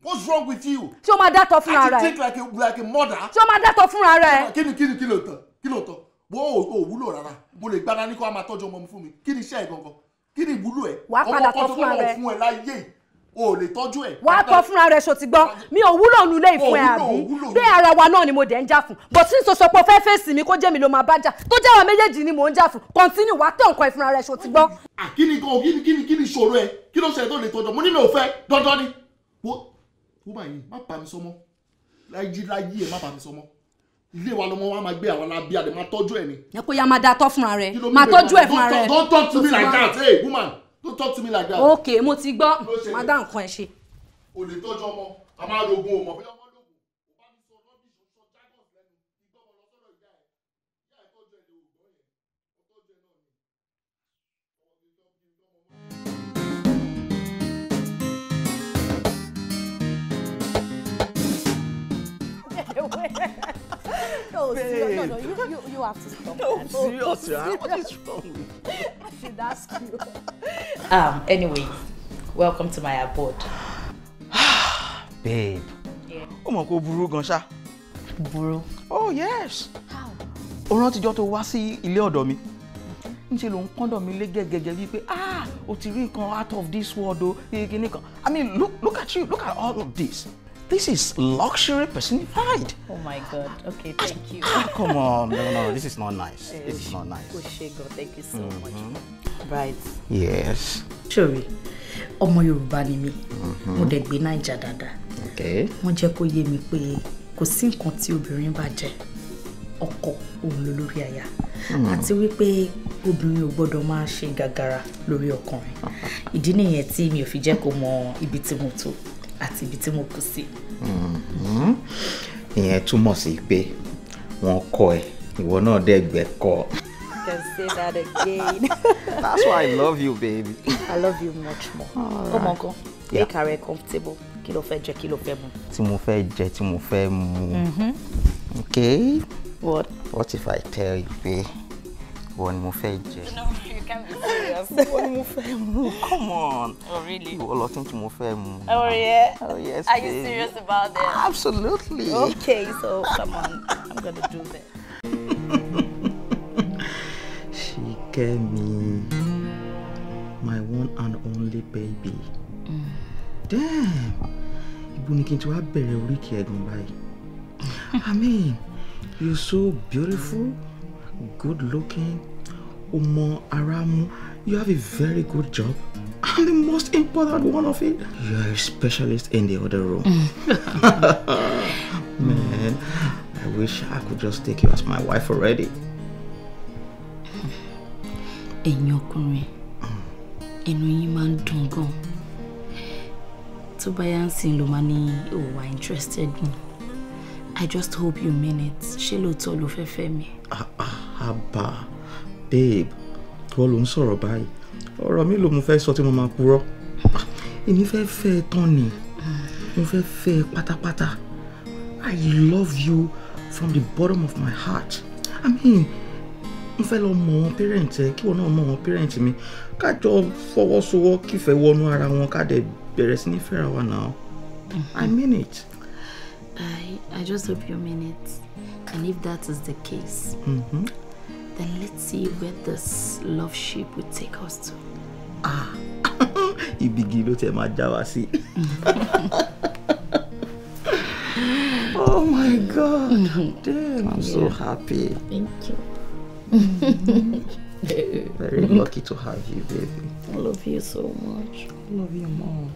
What's wrong with you? Ṣé o máa dátọ̀ fúnra rẹ̀? I take like a like a mother. Ṣé o máa dátọ̀ fúnra rẹ̀? Kí ni kí ni kí ló tán? Kí ló tán? Wo o wúlò rárá. Mo lè gbaná ní kó a máa tọ́jú ọmọ mi fún mi. Kí ni iṣẹ́ ẹ̀ gangan? Kí ni ìwúlò ẹ̀? Wàá padà tọ́ fúnra rẹ̀. Ọmọ kan tó kọ́ lọ fún ẹ láyé yìí o ò lè tọ́jú ẹ̀. wà á tọ́ fúnra rẹ̀ ṣò ti gbọ́ mi ò wúlò nu ilé ìfún ẹ̀ àbí bí ara wa náà ni mo dẹ̀ ń jà fún bó tí n sọ sọ pé fẹ́ fèsì mi kó jẹ́ mi ló máa bá jà tó jẹ́ àwọn méjèèjì ni mò ń jà fún kọ́ntínì wà á tẹ̀ nǹkan ìfúnra rẹ̀ ṣò ti gbọ́. kíni kan kíni kíni kíni ìṣòro ẹ kí ló ṣe tó lè tọjọ mo ní mi ò fẹ́ dandan ni wo wo báyìí má pa mi sọmọ láyé láyé ẹ má pa mi sọmọ ilé wa lọmọ wa máa gbé àwọn alábíàdé máa tọ́jú ẹ ni. ẹ kó ya máa da tọ́ fúnra rẹ máa tọ́jú ẹ fúnra rẹ. don't talk to me like that hey woman don't talk to me like that. ok mo ti gbọ́ madam kan ẹ ṣe. o lè tọ́jú ọmọ a máa rogun ọmọ bóyá ọmọ lògùn o bá mi sọ rọ́bì sọ sọ jágọ̀s lẹ́nu ìgbọ́ ọmọ lọ́sọ̀rọ̀ ìyá ẹ̀ ìyá ẹ̀ tọ́jú ẹ̀ lè ògbọ́ yẹn ó tọ́jú ẹ̀ náà ni. Ha ha ha! No, no, no, you, you, you have to stop. No, that. seriously, oh, what is wrong with you? Should ask you. Um, anyway, welcome to my abode. Babe. Yeah. Ó mọ̀ kó burú gan ṣá. Oh yes. How? Ó rántí to tó wá sí ilé ọ̀dọ̀ mi. Ńṣe ló ń kọ́ndọ̀ mi lé gẹ́gẹ́gẹ́ bíi pé ah o ti rí nǹkan out of this world o kìíní kan. I mean look look at you look at all of this. This is luxury personified. Oh my God. Okay, thank you. ah, come on. No, no, this is not nice. Hey, this is eh, not nice. Oshego, thank you so mm -hmm. much. Right. Yes. Sorry, omo Yorùbá ni mi, mm-hmm. Mo dẹ̀ gbé Naija dáadáa. Okay. Wọ́n jẹ́ kó yé mi pé kò sí nǹkan tí obìnrin bá jẹ ọkọ òun ló lórí aya mm. àti wípé obìnrin ò gbọ́dọ̀ máa ṣe gàgàrà lórí ọkùnrin ìdí nìyẹn tí mi ò fi jẹ́ kó mọ ibi tí mo tó àti ibi tí mo kù sí. Mm-hmm. ìyẹn túmọ̀ sí pé wọ́n kọ́ ẹ ìwọ náà dẹ̀ gbẹ́kọ̀. can That's why I love you, baby. I love you much more. Ọmọ nǹkan, make her yeah. comfortable. Kí ló fẹ́ jẹ, kí ló fẹ́ mu. Tí mo fẹ́ jẹ, tí mo fẹ́ mu. Mm-hmm. Okay. What? What if I tell you pé wọ́n ni mo fẹ́ jẹ? No, you can't glass. ìwọ ni mo fẹ́ mu come on. oh really. ìwọ lọ tí mo fẹ́ mu. oh yeah. oh yes babe. are you serious about that. absolutely. okay so come on i'm gonna do that. Ṣìkẹ́mi my one and only baby. Mm. damn ibo ni kí n ti wá bẹ̀rẹ̀ oríkì ẹ̀gàn báyìí. i mean you're so beautiful good looking o ara mú You have a very good job. And the most important one of it, you are a specialist in the other room. Mm. Man, I wish I could just take you as my wife already. In your career, in máa ń dùn gan. Tó bá yá ń sìn ló oh, interested in. I just hope you mean it. She Ṣé all over fẹ́ fẹ́ Ah, Àbá, ah, babe tó ló ń sọ̀rọ̀ báyìí ọ̀rọ̀ mi ló mo fẹ́ sọ tí mo máa purọ́ èmi fẹ́ fẹ́ ẹ tán ni mo fẹ́ fẹ́ ẹ pátápátá I love you from the bottom of my heart I mean mo fẹ́ lọ mọ wọn parent ẹ kí wọn náà mọ wọn parent mi kájọ fọwọ́sowọ́ kífẹ́ wọnú ara wọn ká dẹ̀ bẹ̀rẹ̀ sí ní fẹ́ra wa náà I mm-hmm. mean it. I, I just hope you mean it and if that is the case. Mm-hmm. Then let's see where this love ship will take us to. Ah, You begin to tell my wa Oh my God, damn! I'm so happy. Thank you. Very lucky to have you, baby. I love you so much. I love you more.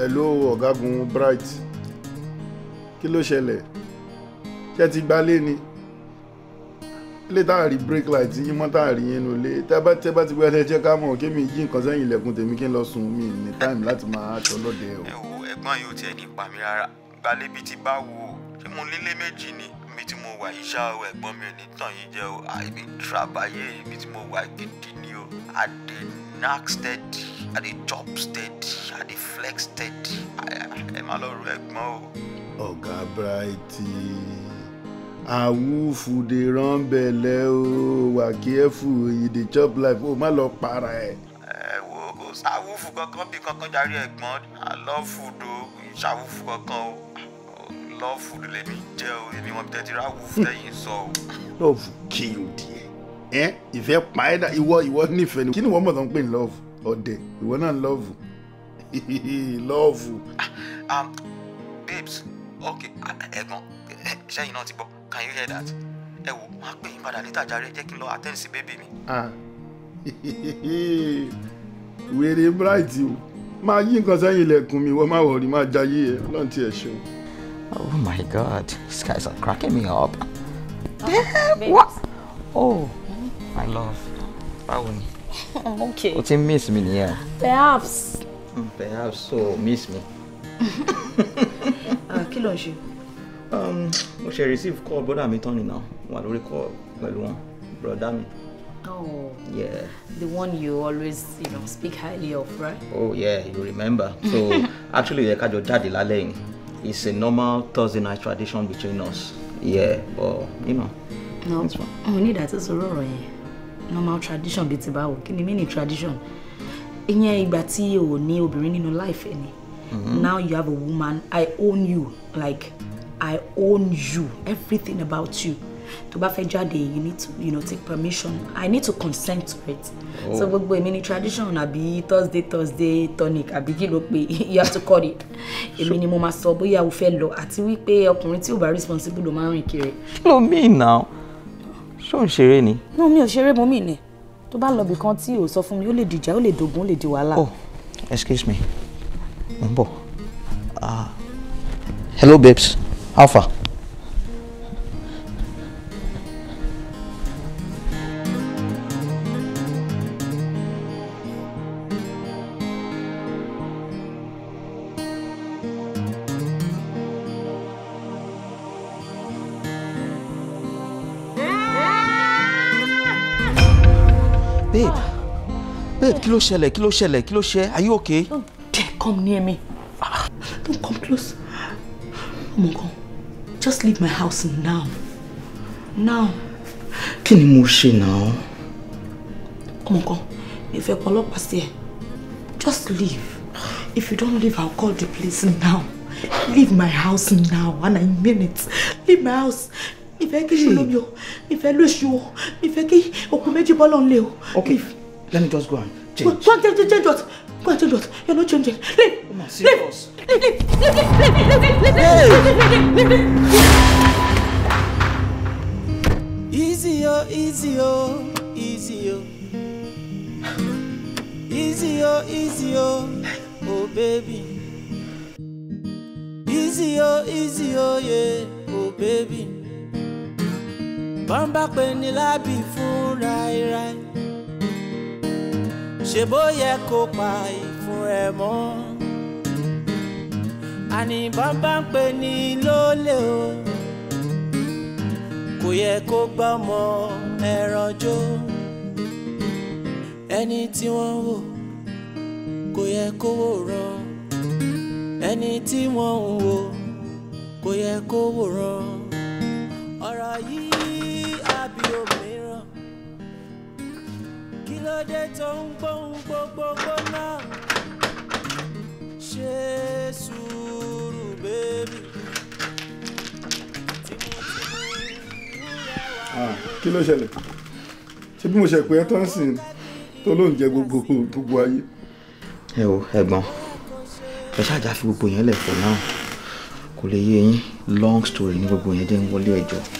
hello ọ̀gágun bright kí ló ṣẹlẹ̀ ṣé ti gbalé ni ilé tá a rí break light yín mọ́ tá a rí yín nu ilé tẹ́ bá tẹ́ bá ti gbé ẹ jẹ́ ká mọ̀ kí mi yí nǹkan sẹ́yìn ilẹ̀kùn tèmi kí n lọ sùn mí ní táìmù láti máa aṣọ lọ́dẹ o. ẹ wo ẹ̀gbọ́n yóò tiẹ̀ ní pa mí rárá gbalé bíi ti bá wo ṣé mo nílé méjì ni ibi tí mo wà yìí ṣá o ẹ̀gbọ́n mi ò ní tàn yín jẹ́ o àìbí trabayé ibi tí mo wà gidi ni o àdè i dey chop steady i dey flex steady ẹ má lọ rú ẹ̀gbọ́n o. ọ̀gá brighty awúfu dey run bẹ̀lẹ̀ o wà careful you dey chop life o má lọ para ẹ̀. ẹ wo kò sáwúfu kankan bí kankan jàre ẹ̀gbọ́n i love food o ìṣàwúfu kankan o love food lèmi jẹ́ o èmi wọn tẹ́tí ra wúfu lẹ́yìn sọ o. love kí o díẹ̀ ẹ ìfẹ́ pa ẹ́ dá ìwọ ìwọ nífẹ̀ẹ́ ni kí ni wọ́n mọ̀ tó ń pè ní love ọ̀dẹ̀ ìwọ náà lọ́ọ̀fù lọ́ọ̀fù. Ah, um, babes okay ẹ̀gbọ́n ṣẹ́yìn náà ti gbọ́ can you hear that ẹ wo máa pè yín padà létà jàre jẹ́ kí n lọ attend sí bébì mi. Ah. wèrè bright o máa yí nǹkan sẹ́yìn ilẹ̀kùn mi wọ́n máa wọ̀rí máa jayé ẹ ọlọ́run ti ẹ̀ ṣeun. oh my god these guys are cracking me up. Oh, Damn, what? oh my love báwo ni okay. O ti miss me nìyẹn. Perhaps. Perhaps so miss me. Kí ló ń ṣe? Mo ṣe receive call brother mi tán nìyẹn. Wà lórí call pẹ̀lú wọn, brother mi. Oh. Yeah. The one you always, you know, speak highly of, right? Oh yeah, you remember. So actually, ẹ ká jọ jáde lálẹ́ yìí. It's a normal Thursday night tradition between us. Yeah, but you know, no, it's fine. Mo ní ìdá tó sọ̀rọ̀ ọ̀rọ̀ yẹn normal tradition bíi ti báwo kí ni mini tradition ìyẹn ìgbà tí o ní obìnrin nínú life ẹ mm-hmm. now you have a woman i own you like i own you everything about you tó bá fẹ́ jáde you need to you know, take permission i need to consent to it oh. so gbogbo èmi ni tradition àbí thursday thursday tonic àbí kí ló pé you have to call it èmi ni mo máa sọ bóyá o fẹ́ lọ àti wípé ọkùnrin tí ò bá responsible ló máa ń rìn kiri. kí mean now ṣó ń ṣeré ni. náà mi ò ṣeré mọ́ mi ni tó bá lọ bìkan tí ò sọ fún mi ó lè dìjà ó lè dògún ó lè di wàhálà. oh excuse me mo ń bọ̀ ah. hello babes how far. kí ló ṣẹlẹ̀ kí ló ṣẹlẹ̀ kí ló ṣe are you okay. don't oh, dare come near me ah. don't come close ọmọ kan just leave my house now now. kí ni mo ṣe náà. ọmọ kan ìfẹ́ kan ọlọ́pàá sí ẹ just leave if you don't leave I'll call the police now leave my house now and I mean it leave my house ìfẹ́ kí ṣe lómi o ìfẹ́ lóṣù o ìfẹ́ kí okùn méjì bọ́ lọ́n lé o. okay let me just go on change. Go and change, change what? Go and change what? You're not changing. Leave. Leave. Leave. Leave. Leave. Leave. Leave. Leave. Leave. Leave. Leave. Leave. Easy oh, easy oh, easy oh. Easy oh, easy oh, oh baby. Easy oh, easy oh, yeah, oh baby. Bamba pe ni labi fun rai rai ṣe bó yẹ kó pa ìfun ẹ mọ́ ànìbọn bá ń pè ní lólè o kò yẹ kó gbọ́mọ ẹran jó ẹni tí wọ́n wò kò yẹ kó wòran ẹni tí wọ́n ń wò kò yẹ kó wòran. gbohùngbohùn gbogbogbò náà ṣe sùúrù bébì. kí ló ṣẹlẹ̀ ṣé bí mo ṣe pé ẹ tán sí tó ló ń jẹ gbogbo gbogbo ayé. ẹ o ẹ̀gbọ́n ẹ ṣáàjà fi gbogbo yẹn lẹ̀ fọ̀ náà kò lè yé yín long story ní gbogbo yẹn jẹ́ ń wọlé ẹjọ́. E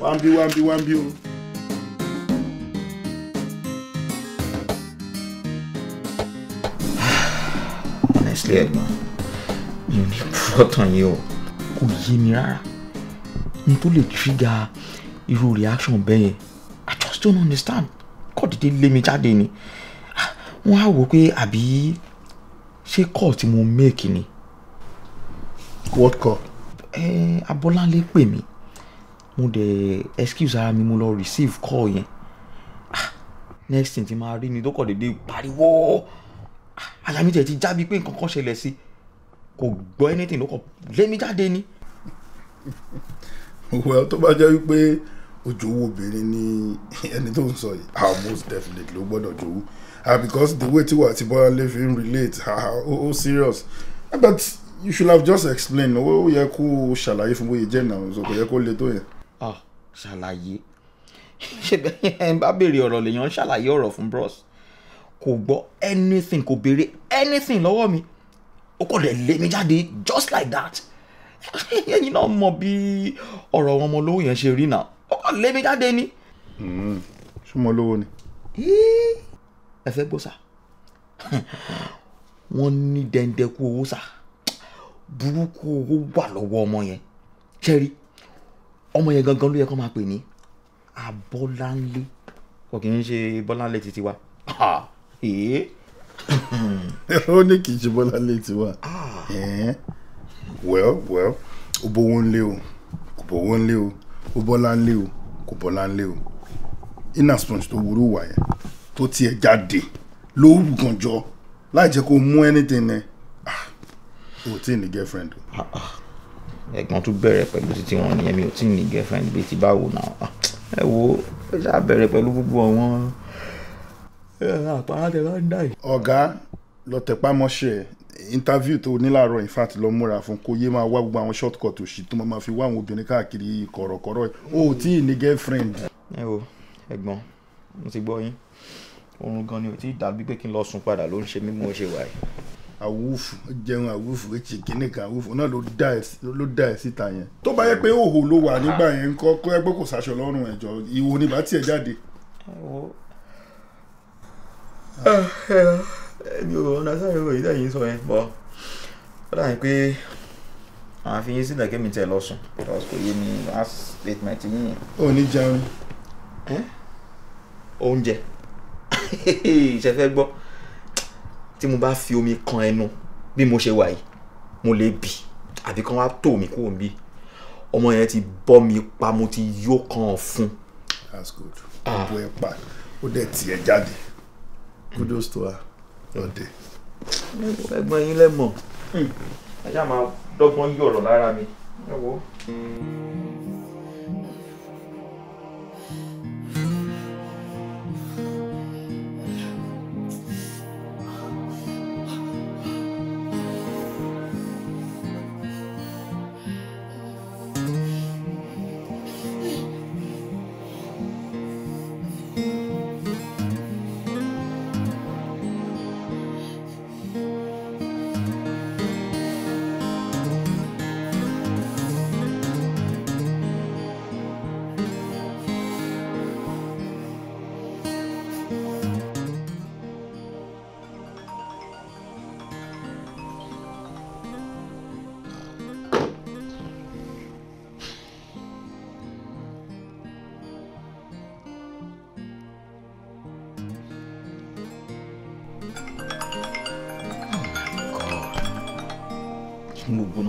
wambi wambi wambi o. honestly ẹ̀gbọ́n mi ò ní fọ́tàn yìí o kò yé mi rárá n tó lè trígà irú reaction bẹ́ẹ̀ i just don't understand kọ́ did lé mi jáde ni ah, wọ́n á wò ó pé àbí ṣé kọ́ tí mo What call? Ẹ Abọ́láńlé pè mí. Mo dẹ̀ excuse ara mi mo lọ receive call yẹn. Ah, next thing ti máa rí ni tó kọ̀ déédéé pariwo. Ah, Àyà mi tẹ̀ ti jábí pé nǹkan kan ṣẹlẹ̀ sí. Kò gbọ́ anything ló kọ̀ lé mi jáde ni. Well tó bá jẹ́ wípé ojúwó obìnrin ni ẹni tó ń sọ yìí ah most definitely ló gbọ́dọ̀ jowú ah because the way tiwa àti Bọ́láńlé fi ń relate ah, ah ó oh, oh, serious but you should have just explained ó yẹ kó ṣàlàyé fún bóyá jẹ́ náà ọ̀sọ̀ kò yẹ kó le tó yẹn. ah ṣàlàyé ṣe bẹ́ẹ̀ ń bá béèrè ọ̀rọ̀ lèèyàn ṣàlàyé ọ̀rọ̀ fún bros kò gbọ́ anything kò béèrè anything lọ́wọ́ mi ó kọ̀ dẹ̀ lé mi jáde just like that ẹ̀yin náà mọ̀ bí ọ̀rọ̀ wọn ọmọ olówó yẹn ṣe rí náà ó kọ̀ lé mi jáde ni. súnmọ́ hmm, olówó ni. ẹ fẹ́ gbọ́ sá wọ́n ní dẹ́ndẹ́kú owó sá burúkú owó wà lọ́wọ́ ọmọ yẹn ṣe rí ọmọ yẹn gangan ló yẹ kó máa pè ní abọ́láńlé kò kì í ṣe bọ́láńlé títí wa ó ní kì í ṣe bọ́láńlé tiwa well well ó bówó ńlé o kò bówó ńlé o ó bọ́lá o kò bọ́lá o iná sponge tó wúrú wà yẹn tó tiẹ̀ jáde lóòrùn gànjọ́ láì jẹ́ kó mú anything yẹn o ti ní girlfriend o. Ah, ah. ẹ̀gbọ́n tún bẹ̀rẹ̀ pẹ̀lú títí wọn nìyẹn mi ò tí ní girlfriend bíi ti báwo náà ah, ẹ wo ẹ ṣáà bẹ̀rẹ̀ pẹ̀lú gbogbo àwọn àpárá tẹ bá ń dà yìí. ọ̀gá lọ tẹpá mọ́ṣẹ́ interview tó ní láàárọ̀ in fact lọ múra fún kó yé máa wá gbogbo àwọn shortcut òṣì tó máa fi wá àwọn obìnrin káàkiri kọ̀rọ̀kọ̀rọ̀ o ò tí ì girlfriend. ẹ wo ẹ̀gbọ́n mo ti gbọ́ yín oorun gan ni ò tí ì dàbí pé kí n lọ sùn padà ló ń ṣe mí ṣe wà àwùfù jẹun àwùfù ẹ̀chì kìíní kan àwùfù náà ló dá ẹ̀ síta yẹn. tó bá yẹ pé òhò ló wà nígbà yẹn kọ́ kó yẹ pé kò sáṣọ lọ́rùn ẹ̀jọ̀ ìwò ni bá tiẹ̀ jáde. mi ò ọ̀nà sáré ìròyìn dẹ̀ yìí sọ yẹn bọ́ ó dà ní pé àwọn afi yín sílẹ̀ kémi tẹ̀ lọ sùn lọ́sùn kò yé mi last statement yín. ò ní jẹun. oúnjẹ ṣe fẹ́ gbọ́ tí mo bá fi omi kan ẹnu bí mo ṣe wà yìí mo lè bì àbí kán wá tò mí kúrò níbí ọmọ yẹn ti bọ́ mi pa mo ti yó kan fún. that's good ó ah. bọ́ ẹ pa ó dẹ̀ tiẹ̀ jáde kudos to her ọ̀dẹ̀. ẹ̀gbọ́n yín lẹ́mọ̀ ajá hmm. máa dọ́gbọ́n yọ̀rọ̀ lára mi. Mm.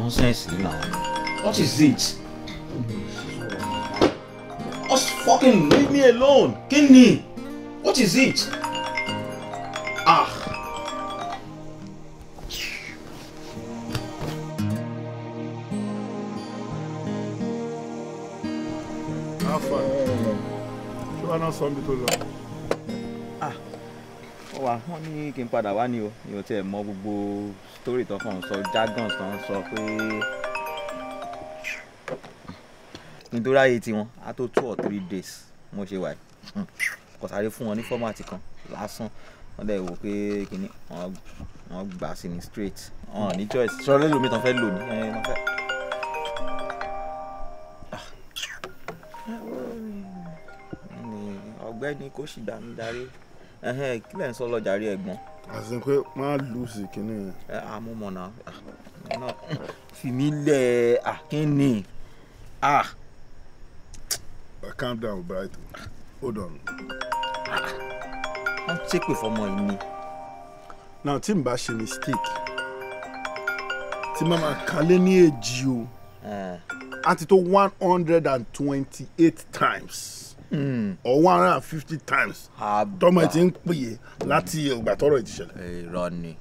nonsense now. What is it? Just fucking leave me alone. Kí What is it? Ah. Afa, ṣé wàá not sọ to tó lọ? Ah, wọ́n wá wọ́n ní kí n padà wá ní o, mi ò story tó kàn sọ jargon tó ń sọ pé nítorí ayé tiwọn á tó two or three days mo ṣe wà yìí kọ̀sáré fún wọn ní fọ́màtì kan lásán wọ́n dẹ̀ wò pé kìíní wọ́n gbà sí ni straight wọn ní choice sọ lẹ́yìn omi tán fẹ́ lò ní ẹ̀ wọ́n fẹ́. Ah. ọ̀gbẹ́ni kò sì dá mi darí kí lẹ̀ ń sọ lọ́jà rí ẹ̀gbọ́n. àti pé máa lù sí kinní yẹn. àmú mọ̀ náà fi mí lẹ̀ àkínní. calm down bright hold on. wọ́n ṣépè fọmọ yìí ni. now tí n bá ṣe mistake tí màá máa kálé ní èjì o àti tó one hundred and twenty-eight times or one and fifty times tọmọ ti ń pèyè láti ìgbà tọrọ ìtìṣẹlẹ̀. irọ́ ni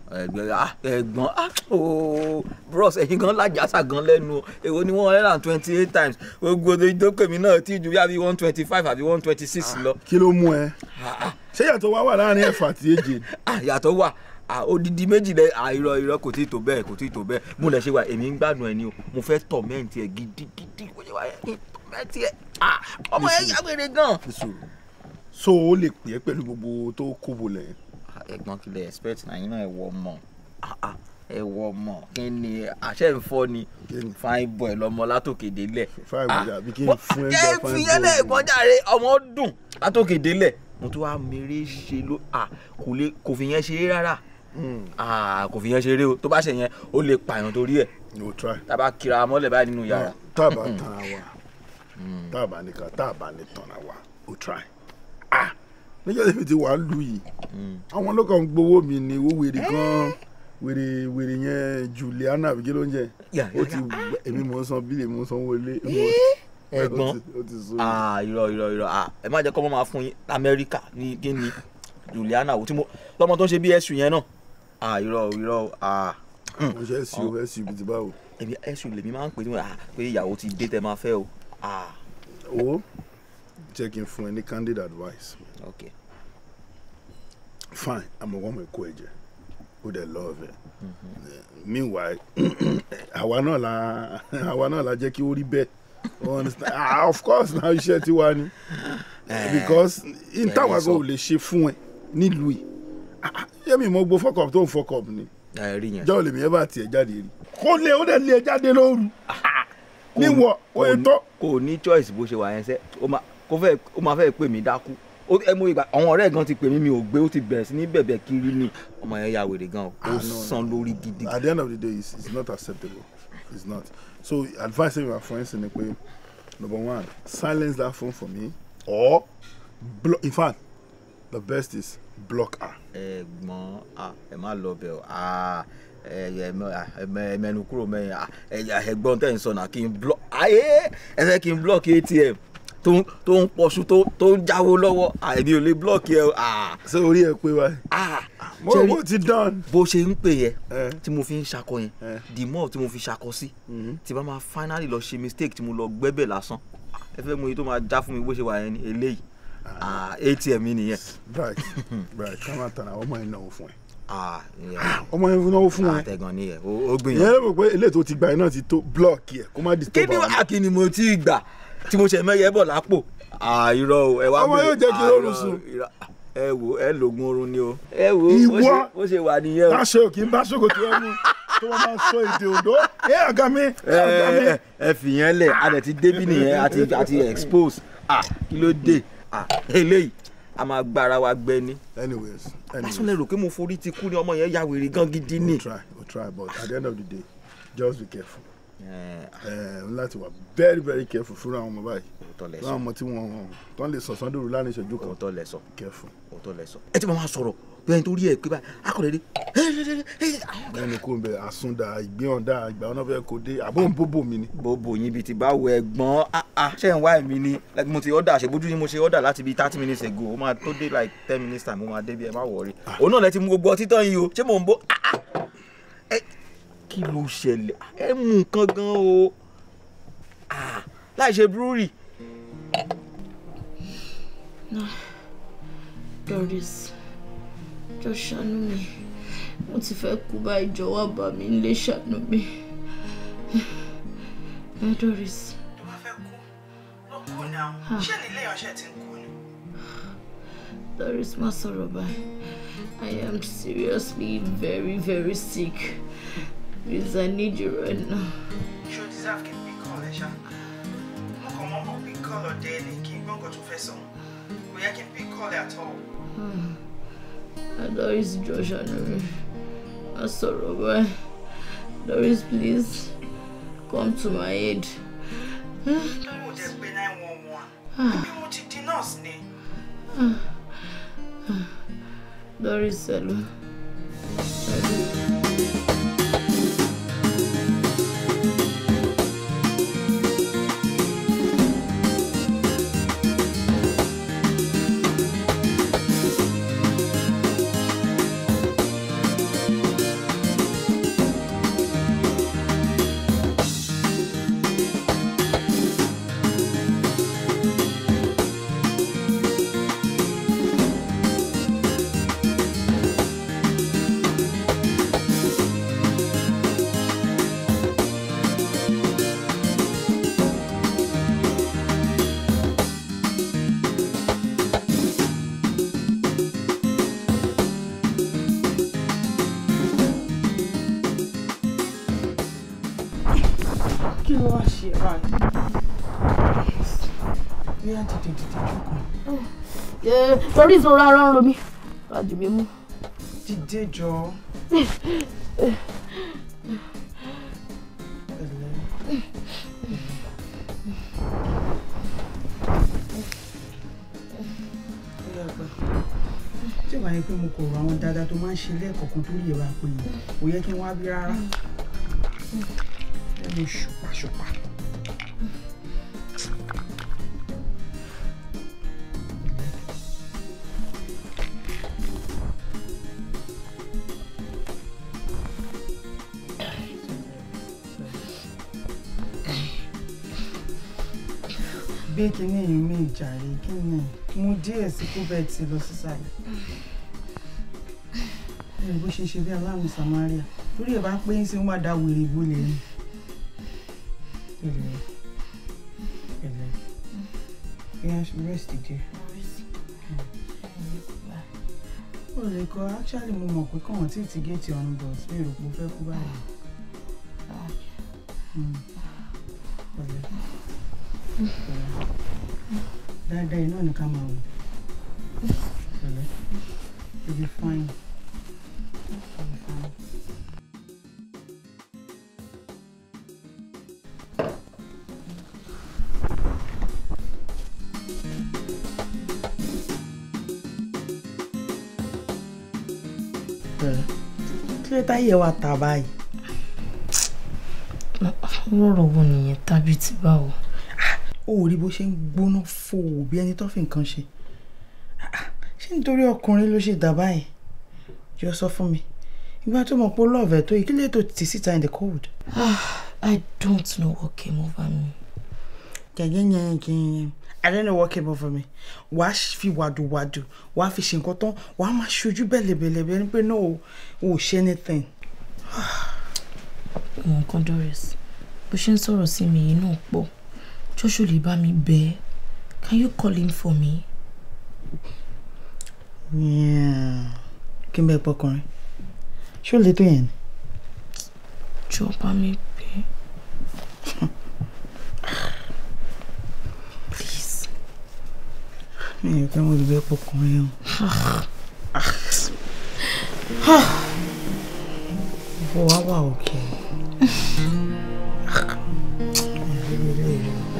ah, ẹ̀gbọ́n ooo ah, bros ẹ̀yin gan lájàsà gan lẹ́nu èwo ni one hundred and twenty eight times gbogbo ìdókòmí náà ti ju yàrá one twenty five àbí one twenty six ah, lọ. kí ló mú ẹ ṣé yàtọ̀ wa wà láàrin ẹ̀fà àti èjì. yàtọ̀ wà odidi méjì lẹ àìrọ ìrọ kò tí ì tó bẹ́ẹ̀ kò tí ì tó bẹ́ẹ̀ mo lè ṣe wa èmi ń gbádùn ẹ ni o mo fẹ́ tọ̀mẹ́ǹtì ẹ gidigidi bẹ́ẹ̀ tiẹ̀ ọmọ yẹn yà wèrè gan. so o lè pè é pẹ̀lú gbogbo tó kó bolẹ̀. ẹ̀gbọ́n kí expect náà yín náà ẹ̀ wọ ọmọ ẹ wọ ọmọ kí ni àṣẹ ìfọ ni fine boy lọmọ látòkè délẹ̀ jẹ fìyẹlẹ ìgbọnjàre ọmọ dùn látòkè délẹ̀ mo tún wá mèrè ṣe ló kò lè kò fi yẹn ṣeré rárá hmm. kò fi yẹn ṣeré o tó bá ṣe yẹn ó lè pààyàn torí ẹ̀ tàbá kira mọ́lẹ̀ báyìí nínú yàrá. tábà tara wa. Mm. tá a bá ní kan tá a bá ní tọ̀nà wa ó try ah níjọ́ tí mi ti wà lù yìí mm. àwọn ọlọ́kàn gbowó mi ni ó wèrè eh. gan wèrè wèrè yẹn Juliana àbíké ló ń jẹ ó ti ah. èmi mò ń san bílè mò ń san wọlé eh? ẹ̀gbọ́n ah, irọ́ irọ́ irọ́ ah, ẹ má jẹ́ kọ́ mọ́ máa fún yín Amẹ́ríkà ní kíni Juliana ò mo lọ́mọ tó ń ṣe bí ẹ̀sùn yẹn náà irọ́ irọ́ hmm. mo ṣe ẹ̀sùn ẹ̀sùn ibi tí lèmi máa ń pè é pé ìyàwó ti dé tẹ máa fẹ́ o. Ah, jẹ́ kí for any candid advice. Okay. fine àmọ̀wọ́n mi kó ẹ jẹ ó dẹ̀ love ẹ mhm. meanwhile àwa náà la àwa náà la jẹ́ kí ó rí bẹ́ẹ̀ ah, of course na iṣẹ́ tiwa ni eh, because n eh, táwa gan ò lè ṣe fún ẹ nílùú yìí yẹ́mi ah, ah, mo gbó fọ́kọ̀p tó ń fọ́kọ̀p ni eh, jọ́ọ̀lì mi ẹ bá tiẹ̀ jáde rí kó lè ó dẹ̀ lé jáde lóru níwọ̀ oye tọ́. kò ní choice bó ṣe wà yẹn sẹ́ ó máa fẹ́ pè mí dákú ẹ mú ìgbà àwọn ọ̀rẹ́ gan ti pè mí mi ò gbé ó ti bẹ̀rẹ̀ sí ní bẹ̀bẹ̀ kiri ni ọmọ yẹn ya wèrè gan ó ah, san lórí gidi. at the end of the day it's, it's not acceptable it's not so advice if you are friends ni pe number one silence that phone for me or block in fact the best is block her. ẹ̀gbọ́n ẹ má lọ bẹ̀ ọ́ ẹmẹnu kúrò mẹyìn ah, ẹgbọn tẹ n sọ náà kí n block ayé ẹsẹ kí n block atm tó ń pọṣu tó ń jáwó lọ́wọ́ àìní ah, ò lè block ẹ ah. ṣé orí ẹ pé wa. mo mo ti dán. bó ṣe ń pè yẹ tí mo fi ń ṣakọ yẹn the more tí mo fi ṣakọ sí mm-hmm. tí bá máa finally lọ ṣe mistake tí mo lọ gbẹ́bẹ̀ lásán ẹ fẹ́ mo yìí tó máa já fún mi bó ṣe wà yẹn ni eléyìí atm nìyẹn. bright bright ká máa tàn àwọn ọmọ yẹn náà fún ẹ. Ah, ọmọ yẹn náwó fún wọn àtẹgàn ni yẹ o gbìyànjú. yẹn rò pé eléyìí tó ti gbà yẹn náà ti tó blọọkì ẹ kó má di tó bá wọn. kébí wákì ni mo ti gbà tí mo ṣe mẹ́yẹ bọ̀ lápò. Ah, irọ́ o ẹ wá gbé ọmọ yóò jẹ́ kí lóorun ah, sùn. ẹ wo ẹ lògùn oorun ni o. ẹ wo ó ṣe wà nìyẹn o. láṣẹ òkè ń bá ṣòkò tó ẹ mú tó wọn máa sọ èdè Oǹdó ẹ ọ̀gá mi. ẹ ẹ fìyẹn lẹ a dẹ ti débí nìyẹn àti expose ah kí ló dé ah eléyìí a máa gbára wa gbẹ ni. anyways anyways lásán lè rò pé mo forí ti kú ni ọmọ yẹn ya gan gidi ni. we try we try but at the end of the day just be careful eh, ah. eh, láti wà very very careful fúnra àwọn ọmọ báyìí fúnra àwọn ọmọ tí wọn tán lè sọ̀sán dòrò láàrin ìṣẹ́jú kan careful. ẹ ti máa sọ̀rọ̀ bẹ́ẹ̀ nítorí ẹ̀ pé báyìí akọ̀rẹ́ dé. bẹ́ẹ̀ ni kò ń bẹ àsundà ìgbéhàndà ìgbà wọn fẹ́ kó dé àbọ̀ ń bóbò mi ni. bóbò yín bíi ti báwo ẹ̀gbọ́n ah, ah, ṣé ń wá èmi ni mo ti ọ̀dà àṣebójú ni mo ṣe ọ̀dà láti bíi thirty minutes ago ó máa tó dé like ten minutes time ó máa dé bí ẹ má wọrí. Ah. òun náà lẹ ti mú gbogbo ọtí tán yìí o ṣé mò ń bó kí ló ṣẹlẹ̀ ẹ mú nǹkan gan o láì ṣe brewery. Doris jọ̀ọ́ ṣàánú mi mo ti fẹ́ kú báyìí jọ̀wọ́ bá mi nílé ṣàánú mi. ẹ Doris. tó bá fẹ́ kú ló kú ní àwọn ah. ṣé nílé ìyànṣẹ́ ti ń kú ni. Doris má sọ̀rọ̀ báyìí I am seriously very very sick please I need you right now. ṣé o deserve kí n bí kọ́ ẹ ṣá mo kàn mọ́ mọ́ bí kọ́ lọ dé ní kí n gbọ́ngàn tó fẹ́ sọ kò yẹ kí n bí kọ́ ẹ at Doris Joshua Nuri. Asoroba. Doris, please come to my aid. Doris, hello. torí ìṣòro ara ń ro mi rájú mi mú. dìde jọ. tí wàá yẹ pé mo kò rọ àwọn dáadáa tó máa ń ṣe lẹ́ẹ̀kọ̀ọ̀kan tó lè wá pé kò yẹ kí n wá bí rárá. ẹnu ṣùpàṣùpà. gbé kinní yìí mi ìjàre kí ni mo díẹ̀ sí kúbẹ̀tì lọ sísàlẹ̀ ẹ bó ṣe ṣe bí aláàmì samaria lórí ẹ bá pé ń sin wá da wèrè ìbò lè ní. ẹlẹ ẹlẹ ẹyà o lè kọ actually mo mọ̀ pé kàn wọ́n tí ti géètì ọ̀run bọ̀ sí èrò pé ó fẹ́ kú báyìí. Ah. Hmm. dáadáa iná ní ká máa wò ṣẹlẹ̀ ibi fáyìn. kí ló táyé wa ta báyìí. rọ̀rọ̀ wo nìyẹn tàbí báwo o rí bó ṣe ń gbóná fò bí ẹni tó fi nǹkan ṣe ah, ṣé nítorí ọkùnrin ló ṣe dà báyìí jọ sọ fún mi ìgbà tó mọ̀ pé lọ́ọ̀fẹ́ tó yìí kí lè tó tì síta in the cold. Ah, I don't know what came over me. jẹjẹ yẹn jẹyẹn I don't know what came over me wàá fi wàdùwàdù wàá fi ṣe nǹkan tán wàá máa ṣojú bẹ́lẹ̀bẹ́lẹ̀ ní pé no o ò ṣe anything. Ah. Mm, nǹkan Doris bó ṣe ń sọ̀rọ̀ sí mi yìí náà pọ̀ Joshua lè bá mi bẹ̀. Can you call him for me? Yeah. Kí n bẹ̀ pọkùnrin. Ṣé o lè tó yẹn ni? Jọ bá mi bẹ̀. Please. Mi ò fẹ́ mo lè bẹ̀ pọkùnrin o. Bọ̀ wá wà òkè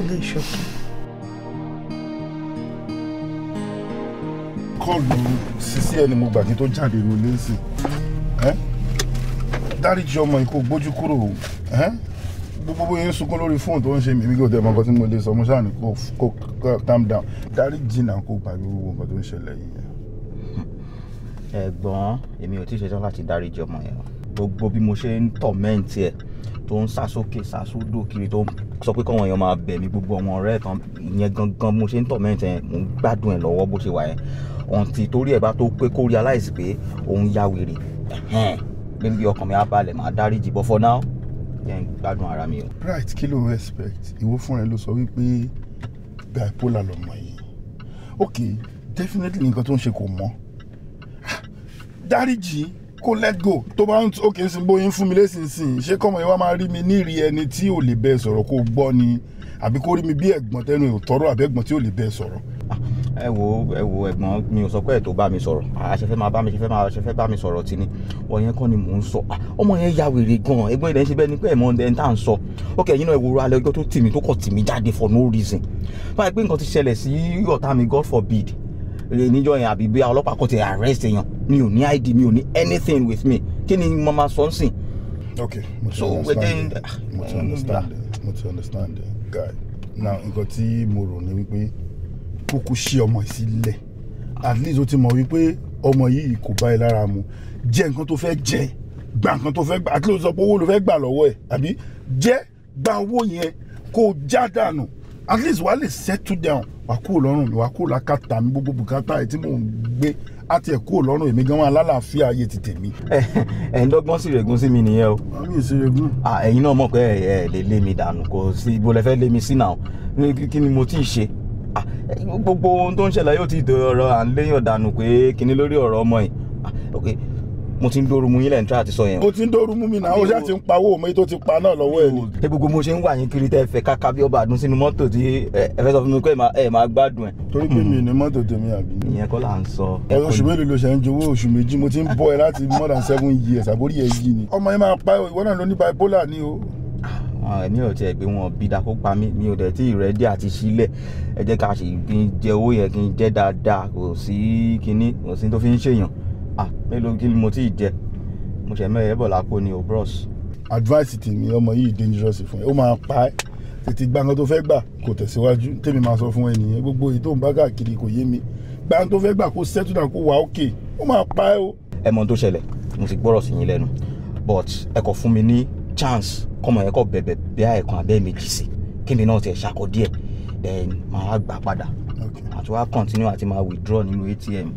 pẹ̀lú ìṣọ̀kan. kọ́ọ̀lù sísí ẹni mo gbàgbé tó jáde nínú ilé sí dáríjì ọmọ yìí kó gbójú kúrò gbogbo bóyá ń sunkún lórí fóònù tó ń ṣe mímí kò tẹ ọmọ nǹkan tí mo lè sọ mo ṣáà ní kó calm down dáríjì náà kó gbàgbé gbogbo nǹkan tó ń ṣẹlẹ̀ yìí. ẹ̀gbọ́n èmi ò tí ì ṣetán láti dáríjì ọmọ yẹn gbogbo bí mo ṣe ń tọ̀ mẹ́ǹtì ẹ̀ tó ń sásókè sásódò kiri tó ń sọ pé kọ́wọn èèyàn máa bẹ̀ mí gbogbo ọmọ ọ̀rẹ́ tán ìyẹn gangan mo ṣe ń tọ̀ mẹ́rin tẹ̀ ń gbádùn ẹ̀ lọ́wọ́ bó ṣe wà yẹn ọ̀ǹtì torí ẹ̀ bá tó pé kó realize pé òun ya wèrè ẹ̀hẹ́n bí ọkàn mi á balẹ̀ máa dáríjì but for now yẹn gbádùn ara mi o. right kí ló ń expect ìwọ fúnra ẹ ló sọ wípé bipolar lọmọ yìí ok definitely nǹkan tó ń ṣe kò mọ́ dáríjì kó let go tó bá ń òkè ń sin bóyá ń fún mi lẹ́sìnsìn ṣé kọ́mọ yẹn wá máa rí mi ní ìrì ẹni tí ò lè bẹ́ẹ̀ sọ̀rọ̀ kó gbọ́ ni àbí kó rí mi bí ẹ̀gbọ́n tẹnu ò tọrọ àbí ẹ̀gbọ́n tí ò lè bẹ́ẹ̀ sọ̀rọ̀. Ah, ẹ wo ẹ wo ẹ̀gbọ́n mi ò sọ pé ẹ tó bá mi sọ̀rọ̀ àṣẹfẹ ah, máa bá mi ṣẹfẹ máa ṣẹfẹ bá mi sọ̀rọ̀ tí ni wọn yẹn kọ́ ni mò ń sọ ah, ọmọ yẹn ya wèrè gan ẹ̀gbọ́n ilẹ̀ ń ṣe bẹ́ẹ̀ ni pé ẹ̀mọ́ ẹ̀ ń tà ń sọ ok ẹ̀yin náà ẹ wo alẹ́ ọjọ́ tó tì mí tó kọ̀ tì mí jáde for no reason báyìí pé nǹkan ti ṣẹlẹ̀ sí ọ̀tá mi God forbid Eh, níjọ́ yẹn àbí bí ọlọ́pàá kò ti arrest èèyàn mi ò ní id mi ò ní anything with me kí ni mo máa sọ ń sìn. ok mo ti understand mo ti understand mo ti understand guy now nǹkan tí mo rò ní wípé kókó ṣe ọmọ sílẹ̀ at least o ti mọ̀ wípé ọmọ yìí kò bá ẹ lára mu jẹ nǹkan tó fẹ́ jẹ gba nǹkan tó fẹ́ gba àti lóòótọ́ pé owó ló fẹ́ gbà lọ́wọ́ ẹ̀ àbí jẹ́ gba owó yẹn kó o já dànù at least wàá lè settle down wà kúrò lọ́rùn mi wà kúrò lákàtà mi gbogbo bùkátà ẹ̀ tí mò ń gbé á tiẹ̀ kúrò lọ́rùn èmi gan wà lálàáfíà ayé ti tèmi. ẹ ẹ ń dọ́gbọ́n sí sí mi nìyẹn o. àmì ìṣègùn. ẹ̀yin náà mọ̀ pé ẹ ẹ lè lé mi dànù kò sí ibo lẹ fẹ́ lé mi sí náà kí ni mo ti ṣe gbogbo ohun tó ń ṣẹlẹ̀ yóò ti dọ̀rọ̀ à ń léyàn dànù pé kinní lórí ọ̀rọ̀ ọmọ yìí mo ti ń dóoru mu yín lẹ́yìn tí a ti sọ yẹn. o ti ń dóoru mu mi náà o ṣáà ti ń pawó mi tó ti pa náà lọ́wọ́ ẹ̀ ni. ṣé gbogbo mo ṣe ń wà yín kiri tẹ́ fẹ́ káka bí ọba àdún sínú mọ́tò tí ẹ fẹ́ sọ fún mi pé ẹ máa gbádùn ẹ̀. torí pé mi ní mọ́tò tèmi àbí. ìyẹn kọ́ là ń sọ. oṣù mélòó ló ṣe ń jowó oṣù méjì mo ti ń bọ́ ẹ láti more than seven years àbórí ẹ yìí ni. ọmọ yẹn máa pa ìwọ náà ló bipolar ni o ah, èmi ò tiẹ̀ pé wọn bí dako pa mí mi ò dẹ̀ tí ìrẹ́dí àti sílẹ̀ ẹ jẹ́ ká ṣe kí n jẹ owó yẹn kí n jẹ dáadáa kò sí kinní kò sí tó fi ń ṣèyàn ah mélòó kí ni mo ti jẹ mo ṣẹ̀ mẹ́rẹ̀ bọ̀ lápò ni o bros. advice tèmi ọmọ yìí dangerous fún ẹ ó máa pa ẹ tètè gba nǹkan tó fẹ́ gbà kò tẹ̀síwájú tèmi máa sọ fún ẹ nìyẹn gbogbo èyí tó ń bá káàkiri kò yé mi gba nǹkan tó fẹ́ gbà kó settle down kó wà ókè ó máa pa ẹ o. ẹ mọ ohun tó ṣẹlẹ̀ mo ti gbọ́rọ̀ sí yín lẹ́nu but ẹ kò fún mi ní chance kọ́mọ yẹn kò bẹ̀bẹ̀ bí i ẹ̀kan abẹ́ méjì sí kíni náà ti ẹ̀ ṣakọ díẹ̀ then máa wá gbà padà àti continue àti máa withdraw nínú ATM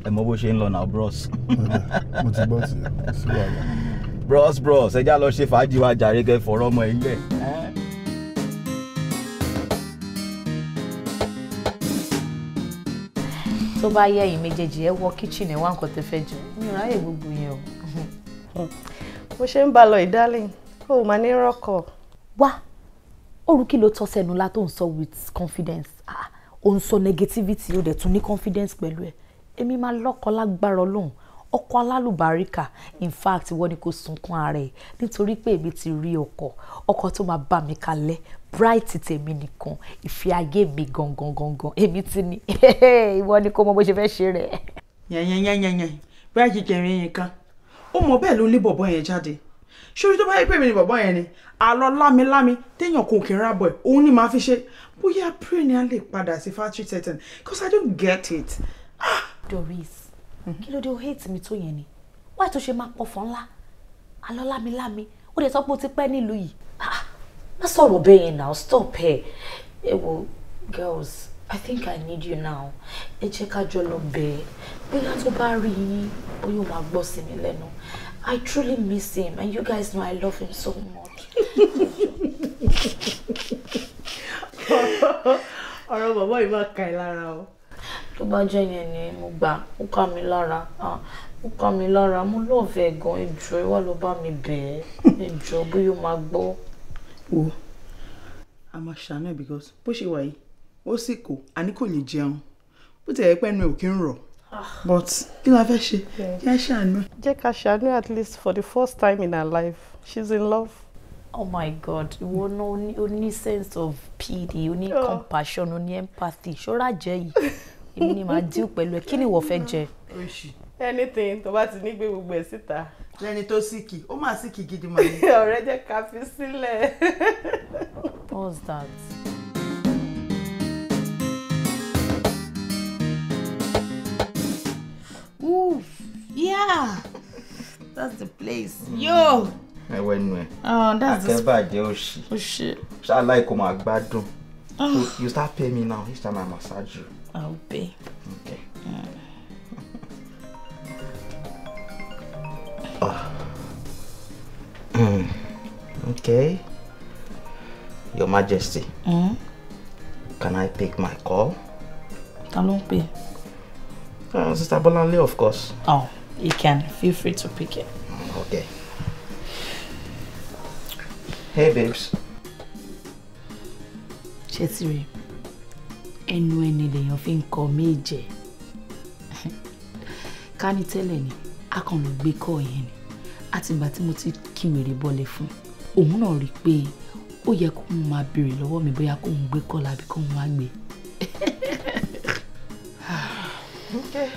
ẹ mọ bó ṣe ń lọ náà bros. mo ti gbọ́ sí i sí wàhálà. bros bros ẹ já lọ ṣe fàájì wa jàre kẹ fọ̀rọ̀ ọmọ yín lẹ̀. tó bá yẹ ẹ̀yin méjèèjì ẹ wọ kíchìn wá nǹkan tẹ́ fẹ́ jẹ mi ò ráyè gbogbo yẹn o. mo ṣe ń bá lọ ìdálẹ̀ o máa ní rọ́kọ̀. wá òru kí ló tọ́ sẹ́nu la ń sọ with confidence ah, ó ń sọ negativity ó dẹ̀ tún ní confidence pẹ̀lú ẹ̀ èmi máa lọ́kọ lágbára ọlọ́run ọkọ alálùbáríkà in fact wọ́n ní kò sunkún ara ẹ̀ nítorí pé èmi ti rí ọkọ ọkọ tó máa bá mi kalẹ̀ bright tèmi nìkan ìfẹ́ ayé mi gangan gangan èmi ti ní ìwọ ni kò mọ bó ṣe fẹ́ ṣe rẹ̀. yẹnyẹnyẹnyẹnyẹn bí a ṣe jẹrin yẹn kan ó mọ bẹ́ẹ̀ ló lé bọ̀bọ̀ yẹn jáde ṣorí tó bá yẹ pé èmi ni bọ̀bọ̀ yẹn ni àlọ́ lámilámi téèyàn kò kí n ra bọ̀ ẹ̀ òun ni màá fi ṣe bóyá pray ni a lè padà sí factory setting because i don't get it. Ah! Doris mhm. kí ló dé o hate mi tó yẹn ni wá ètò ṣe máa pọ̀fọ̀ ńlá alọ́ lámilámi ó lè sọ pé o ti pẹ́ nílùú yìí. Ah, má sọ̀rọ̀ bẹ́ẹ̀ yẹn now stop ẹ̀ ẹ wo girls I think I need you now ẹ jẹ́ ká jọ lọ bẹ́ẹ̀ bóyá tó bá rí yín bóyá o máa gbọ́ sí mi lẹ́nu I truly miss him and you guys know I love him so much. ọ̀rọ̀ bàbá yìí máa ka lára o tó bá jẹ́ yẹn ni mo gbà ó ká mi lára ó ká mi lára mo lọ́ọ̀fẹ́ gan ẹjọ́ ẹ wá lọ bá mi bẹ̀ ẹjọ́ bóyá ó máa gbọ́. wo a máa ṣàánú ẹ because bó ṣe wà yìí ó sì kò àní kò lè jẹun bó ti ẹ̀ pẹ́ nu ẹ̀ ò kí ń rọ̀ ah. but kí la fẹ́ ṣe kí a ṣàánú ẹ. jẹ́ ká ṣàánú at least for the first time in her life she's in love oh my god ìwọ náà o ní sense of pity o ní compassion o ní empathy ṣọ́ra jẹ́ yìí èmi ni màá deal pẹ̀lú ẹ kí ni ìwọ fẹ́ jẹ. anything tó bá ti ní gbé gbogbo ẹ̀ síta. lẹ́ni tó síkì ó máa síkì gidi màá ní. ọ̀rẹ́ jẹ́ ká fi sílẹ̀. what's that. Ooh, yeah, that's the place. Yo. Mm ẹwẹ nu ẹ akẹbàjẹ ah, òṣì ṣáláì kò máa gbádùn ah. so you start pay me now each time I massage you. I'll pay. Okay. Mm. oh. mm. Okay. Your Majesty. Mm? Can I pick my call? I don't pay. Uh, Sister Bolanle, of course. Oh, you can. Feel free to pick it. Okay. Hey babes. Ṣé ti rí ẹnu ẹni lèèyàn fi ń kọ méje? Ká ní tẹ́lẹ̀ ni, a kàn ló gbé kọ́ yẹn ni. Àtìgbà tí mo ti kíwèrè bọ́lẹ̀ fún, òun náà rí i pé ó yẹ kó ń máa béèrè lọ́wọ́ mi bóyá kó ń gbé kọ́ làbí Okay,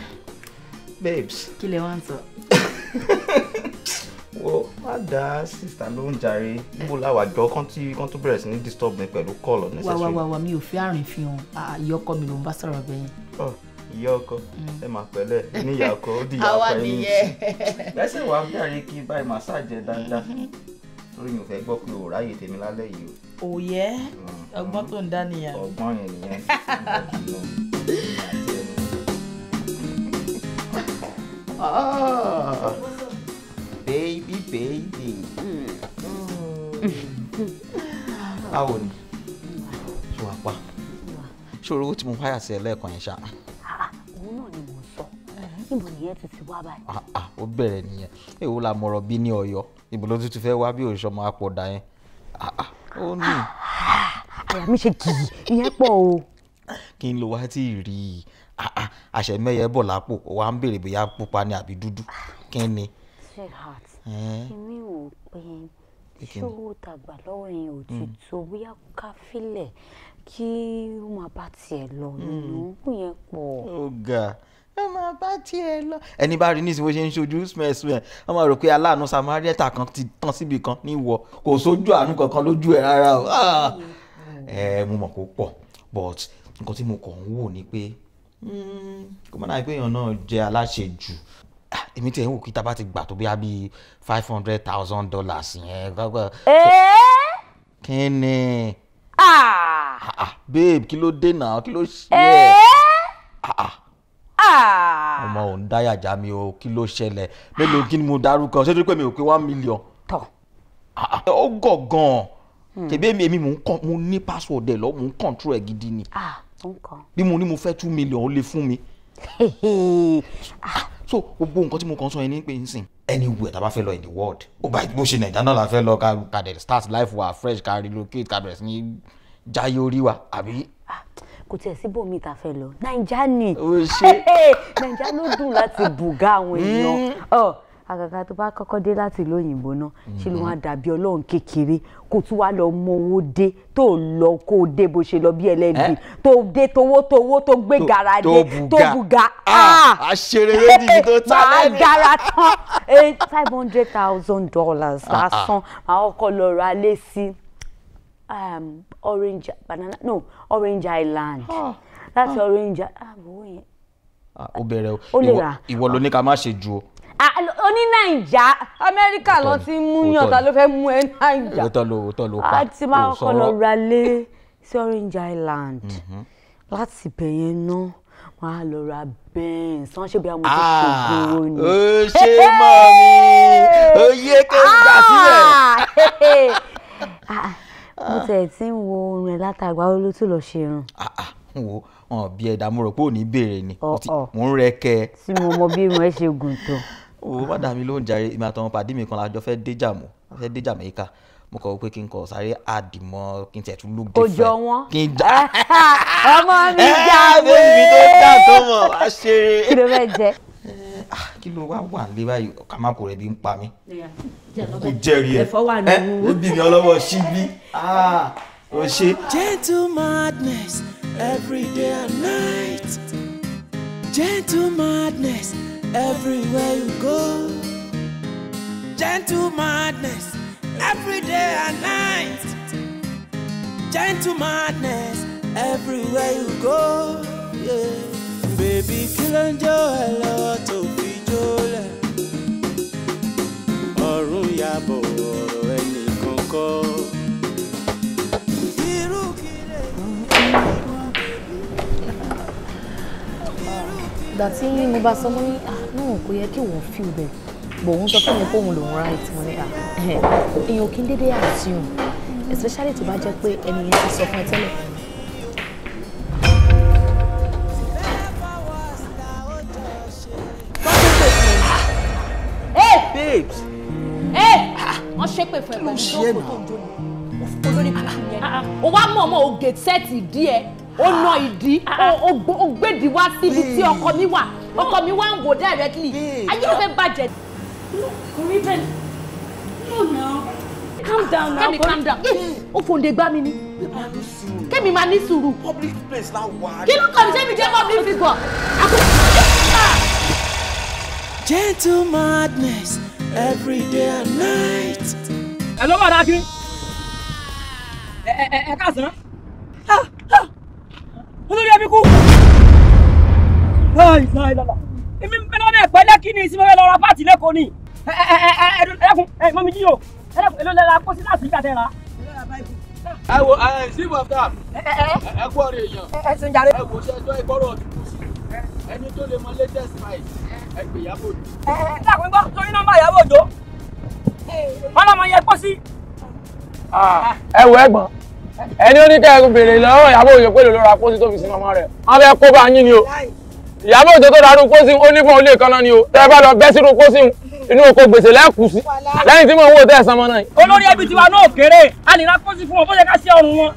babes. Kí lẹ wá wo má dá sista ló ń jàre níbo láwà jọ kán tí kán tó bẹ̀rẹ̀ sí ní disturb mi pẹ̀lú kọ́ọ̀lù necessary. wà wà wà mi ò fẹ́ àrìn fi hàn ìyá ọkọ mi ló ń bá sọ̀rọ̀ bẹ́yìn. ọ ìyá ọkọ ẹ máa pẹ̀lẹ́ níyà ọkọ ó di ìyá ọkọ ẹ̀yìn lẹ́sẹ̀ wà á bẹ̀rẹ̀ kí báyìí màsáàjẹ dáadáa lórí mi ò fẹ́ gbọ́ pé ò ráyè tèmi lálẹ́ yìí o. òye hmm. ọgbọ́n tó ń dá nìyà. ọgbọ́n yẹn nìyẹn tí mo fáyà sí ẹ lẹ́ẹ̀kan yẹn ṣá. Ah, òun náà ni mò ń sọ níbo nìyẹn ti ti wá báyìí. Ah, ah, ó bẹ̀rẹ̀ nìyẹn èwo la mọ̀rọ̀ bí ní ọ̀yọ́ ibo ló tuntun fẹ́ wá bí òṣìṣọ́ máa pọ̀ dà yẹn. ó ní. àyà mi ṣe kìí ìyẹn pọ̀ o. kí n lo wá tí ì rí i àṣẹmẹyẹ bọ̀ lápò wa ń béèrè bóyá pupa ni àbí dúdú kí ni. sweetheart èmi ò pé ṣòwò tàgbà lọ́wọ́ yẹn ò ti hmm. tó bóyá ká filẹ̀ kí ó máa bá tiẹ̀ lọ hmm. nínú kú yẹn pọ̀. ó ga ẹ máa bá tiẹ̀ lọ. ẹni bá rí nísìnyí bó ṣe ń ṣojú smell smell wọn máa rò pé aláàánú samarieta kan ti tán síbi kan ní ìwọ kò sójú àánú kankan lójú ẹ rárá o ah! ẹ mo mọ̀ kó pọ̀ but nǹkan tí mo kàn ń wò ni pé kó má dàbí pé èèyàn náà jẹ́ aláṣejù ah, èmi tí ẹ̀ ń wò kí tá a bá ti gbà tó bí five hundred thousand dollars yẹn. kí ni. Ah. Ah, ah, babe kí ló dé náà kí ló ṣe ẹ eh? ah, ọmọ ò ń dáyàjá mi o kí ló ṣẹlẹ̀ mélòó kí ni mo dárúkọ ṣé tó pé mi ò pé one million. tọ. ó gọ̀ gan-an tèmi hmm. èmi mò ń mo ní password ẹ̀ lọ mò ń control ẹ̀ gidi ni bí mo ní mo fẹ́ two million ó lè fún mi. so gbogbo nǹkan tí mo kàn sọ yẹn ní pé ń sìn anywhere tá a bá fẹ́ lọ in the world ó bá bó ṣe nàìjíríà náà la fẹ́ lọ ká dẹ̀ start life wa fresh ká relocate ká bẹ̀rẹ̀ sí ní jáyé orí wa àbí. Ah, kò tiẹ̀ síbòmí tá a fẹ́ lọ nàìjíríà ni nàìjíríà ló dùn láti bùgá àwọn èèyàn hmm. oh, àgàgà tó bá kọ́kọ́ dé láti ìlú òyìnbó náà mm-hmm. ṣé ló wá dàbí ọlọ́run kékeré kó tún wá lọ mọ owó dé tó lọ kó o dé bó ṣe lọ bí ẹlẹ́dì eh? tó dé towó towó tó gbé gara dé tó buga àṣeré rédíì tó tá lẹ́nu. màá gara tán eh, five hundred thousand dollars ah, ah. lásán màá kọ́kọ́ lọ ra lé sí um, orange banana no orange island ah, láti orange ah owó yẹn. ó bẹ̀rẹ̀ o ìwọ ló ní ká má ṣe ju o. Ah, oní nàìjà amẹ́ríkà lọ ti mú yàn ta ló fẹ́ mú ẹ nàìjà òótọ́ ló òótọ́ ló pa a ti máa kọ́ lọ ra lé sí Orange Island mm-hmm. láti bẹ̀yẹn náà máa lọ ra bẹ́ẹ̀n sàn ṣe bí àwọn ọmọ tó ṣògbó ni. ó ṣe mọ̀ mi oyè kò gbà sílẹ̀. Ah, ah, mo tẹ̀ tí ń wo orin ẹ̀ látàgbà ó ló tún lọ ṣe irun wo hàn bí ẹ̀dá mo rò pé ò ní béèrè ni mo ń rẹ kẹ. tí mo mọ bí irun ẹ ṣe gùn tó owó bá dà ló ń jàre èmi àtàwọn pàdé mi kan lájọ fẹ́ déjà mọ́ fẹ́ déjà mẹ́ríkà mo kọ̀ pé kí n kọ̀ sáré àdìmọ́ kí n tẹ̀ tún look òjò wọn ọmọ mi já wé ẹ mi tó dà tó mọ̀ ṣeré. kí ló fẹ́ jẹ. Ah, kí ló wá wà lé báyìí kàmákò rẹ̀ bí ń pa mí. kò jẹ́rìí ẹ̀ ẹ́ níbi mi ọlọ́wọ́ síbí ah, ó ṣe. gentle madness every day and night gentle madness everywhere you go. Gentle madness every day and night. Gentle madness everywhere you go. Yeah. Baby, Kill and joy, jó to be tó fi jólẹ̀? Ọ̀run yàbọ̀ ọ̀rọ̀ ẹnìkan kọ́. Irú kìlẹ̀ ìgbà mo bá sọ mọ́ ní. Ah, no kò yẹ kí wọ́n fi ibẹ̀ bọ̀ wọ́n sọ fún mi pé òun lòún right mo ní à ah, èèyàn kí n dédé assume especially tó bá jẹ́ pé ẹni yẹn ti sọ fún ẹ tẹ́lẹ̀. babes. ẹ wọ́n ṣépè fún ẹ pẹ̀lú ìṣòro tó ń jó ni olórí kùkù yẹn ah, ah. o wá mọ̀ mọ́ o gate set ìdí ẹ o nà ìdí o gbèdì wá síbi tí ọkọ mi wà ọkọ mi wá ń wò directly ayé ló fẹ́ bàjẹ́. kò rí bẹ́ẹ̀ no no calm down now. kẹ́mi calm down ó fòǹde gbá mi ni kẹ́mi máa ní sùúrù. public place la wà. kí ló kọ́ mi sẹ́mi jẹ́ public figure. gentle madness every day and night. ẹ ló bàdá kiri ah. ẹ ẹ ẹ ká sàn án ah, ah. olórí ẹbí kú èmi ń bẹ lọ́nà ẹ̀pẹ́ lẹ́kí ni ìsinmi rẹ lọ́ra fáàtì lẹ́kọ̀ọ́ ni ẹ̀ẹ́dẹ́kun ẹ̀ mọ́mi jí o ẹ̀ẹ́dẹ́kun èlò lẹ́la kó sí láti ìgbà tẹ́ra. ẹ wo ẹ sí bọ̀tà ẹ kú ọ̀rẹ́ èèyàn ẹ sì ń jarí. ẹ wo ṣẹjọ́ ìgbọ́rọ̀ ọ̀dùnkù sí ẹni tó lè mọ latest price ẹ pè yàgò jù. ẹ ẹ dákun gbọ́ torí nọ́mbà yàgò jò wọn lọ́mọ yẹ kó sí. ẹ wo ẹ̀gbọ́n ẹni ó ní kẹ́ ẹ béèrè lọ́wọ́ ìyàwó òye pé lè lọ́ra pósí tó fi sin ọmọ rẹ̀ wọ́n fẹ́ kó bá yín ni o ìyàwó òjò tó darú pósí ó nífọ̀n olè kan náà ni o tẹ́ lọ bẹ́ sínú pósí inú oko gbèsè lẹ́kùú sí lẹ́yìn tí mò ń wò tẹ́ ẹ̀sán mọ́ náà. olórí ẹbí tiwa náà kéré a pósí fún wọn bó ṣe ká sí ọrùn wọn.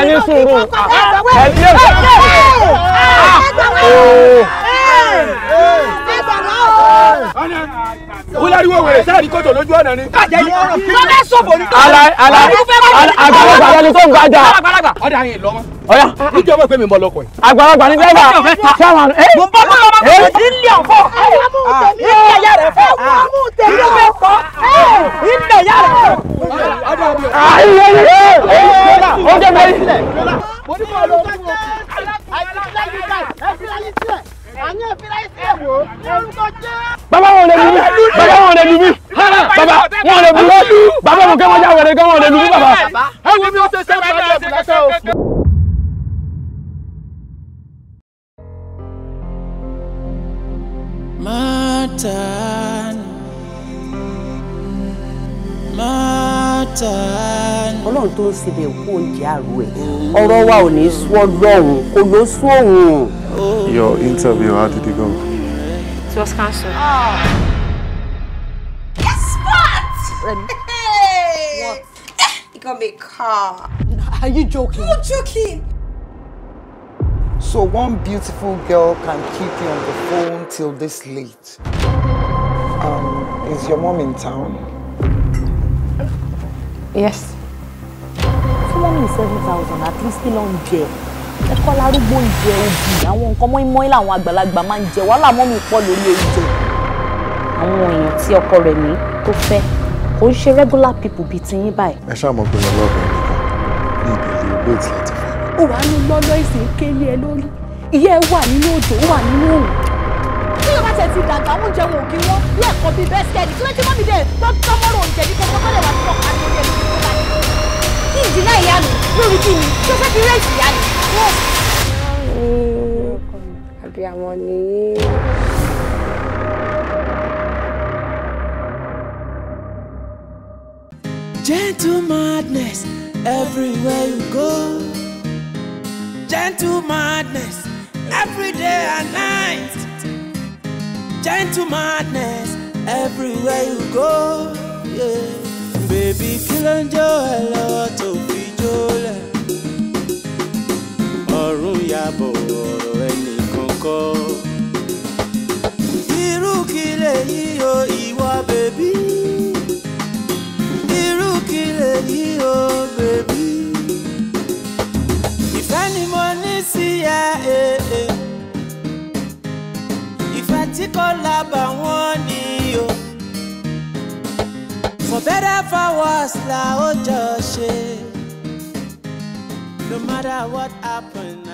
ẹni sùúrù ẹni yóò wúláríwó wèrè sáàrí kòtò lójú ọ̀nà ni. kájẹ yìí ọ̀rọ̀ kí ló fẹ́ sọ̀bọ̀ ní. ala ala àgbàlagbà lẹni tó ń ga jà. àgbàlagbà ọ̀dà yẹn lọ́mọ. ọ̀yà níjọ́ mọ̀ pé mi mọ̀ lọ́kọ̀ yìí. àgbàlagbà ní bẹ́ẹ̀ bá sáwọn. mo bá bá bá bá ilé ọ̀fọ̀ ilé ẹ̀yà rẹ̀ fẹ́ ilé ọ̀fẹ́ kọ́ ilé ẹ̀yà rẹ̀ fẹ́. ayé ayé ó jẹ́ mẹ́rin. mo ní kọ́ ló ń bá bàbá wọn lè lu mí bàbá wọn lè lu mí bàbá wọn lè lu mí bàbá wọn kẹ́ wọ́n wẹ̀rẹ̀ kẹ́ lè lu mí bàbá. ẹ wo bí ṣe ṣe bàbá ẹ̀ bùkátà òfin. Matan Matan ọlọ́run tó ń sebẹ̀ kó oúnjẹ àrò ẹ̀ ọ̀rọ̀ wa ò ní sú ọlọ́run kò ló sú òun. Your interview, how did it go? It was cancelled. Oh. Guess what? Hey. What? Eh, it got me car. Are you joking? I'm not joking. So one beautiful girl can keep you on the phone till this late. Um, is your mom in town? Yes. Fún mọ́mí seven thousand at least kí ló ń jẹ? Ẹ kọ́ larúgbó ìjẹ òbí, àwọn nǹkan mọ́ínmọ́ín làwọn àgbàlagbà máa ń jẹ, wàhálà mọ́mí pọ̀ lórí oúnjẹ. Àwọn èèyàn tí ọkọ rẹ̀ ní tó fẹ́ kò ń ṣe regular people bíi tiyín báyìí. Ẹ ṣáà mọ̀ pé lọ́wọ́ ọ̀gbìn nìkan ní ìbẹ̀rẹ̀ owó ìtì láti fẹ́. Ó wà ní lọ́lọ́ ìsìn kélé ẹ lórí. Ìyá ẹ wà nínú òjò, ó wà nínú òun tí yóò bá tẹ̀ ti dàgbà oúnjẹ wọn ò kí wọ́n lẹ́ẹ̀kan bíi bẹ́sikẹ́ẹ̀tì tí wọ́n ti mọ́ mi dẹ̀ gbọ́dọ̀ mọ́rọ̀ oúnjẹ ní kókó kọ́lẹ̀ wà nínú ọ̀kadì orí ẹ̀ rẹ́sì náà Gentle madness everywhere you go. Gentle madness every day and night. Gentle madness everywhere you go. Yeah. Baby, kí ló ń jó ẹ lọ́wọ́ tó fi jólẹ̀ ọ̀run yàbọ̀ ọ̀rọ̀ ẹnìkan kọ́ irú kí lèyí o ìwọ bèbí irú kí lèyí o bèbí ìfẹ́ ni mo ní sí ẹ eh, eh. ìfẹ́ tí kò lábàwọ́n ni. for better for worse la ó jọ no matter what happens.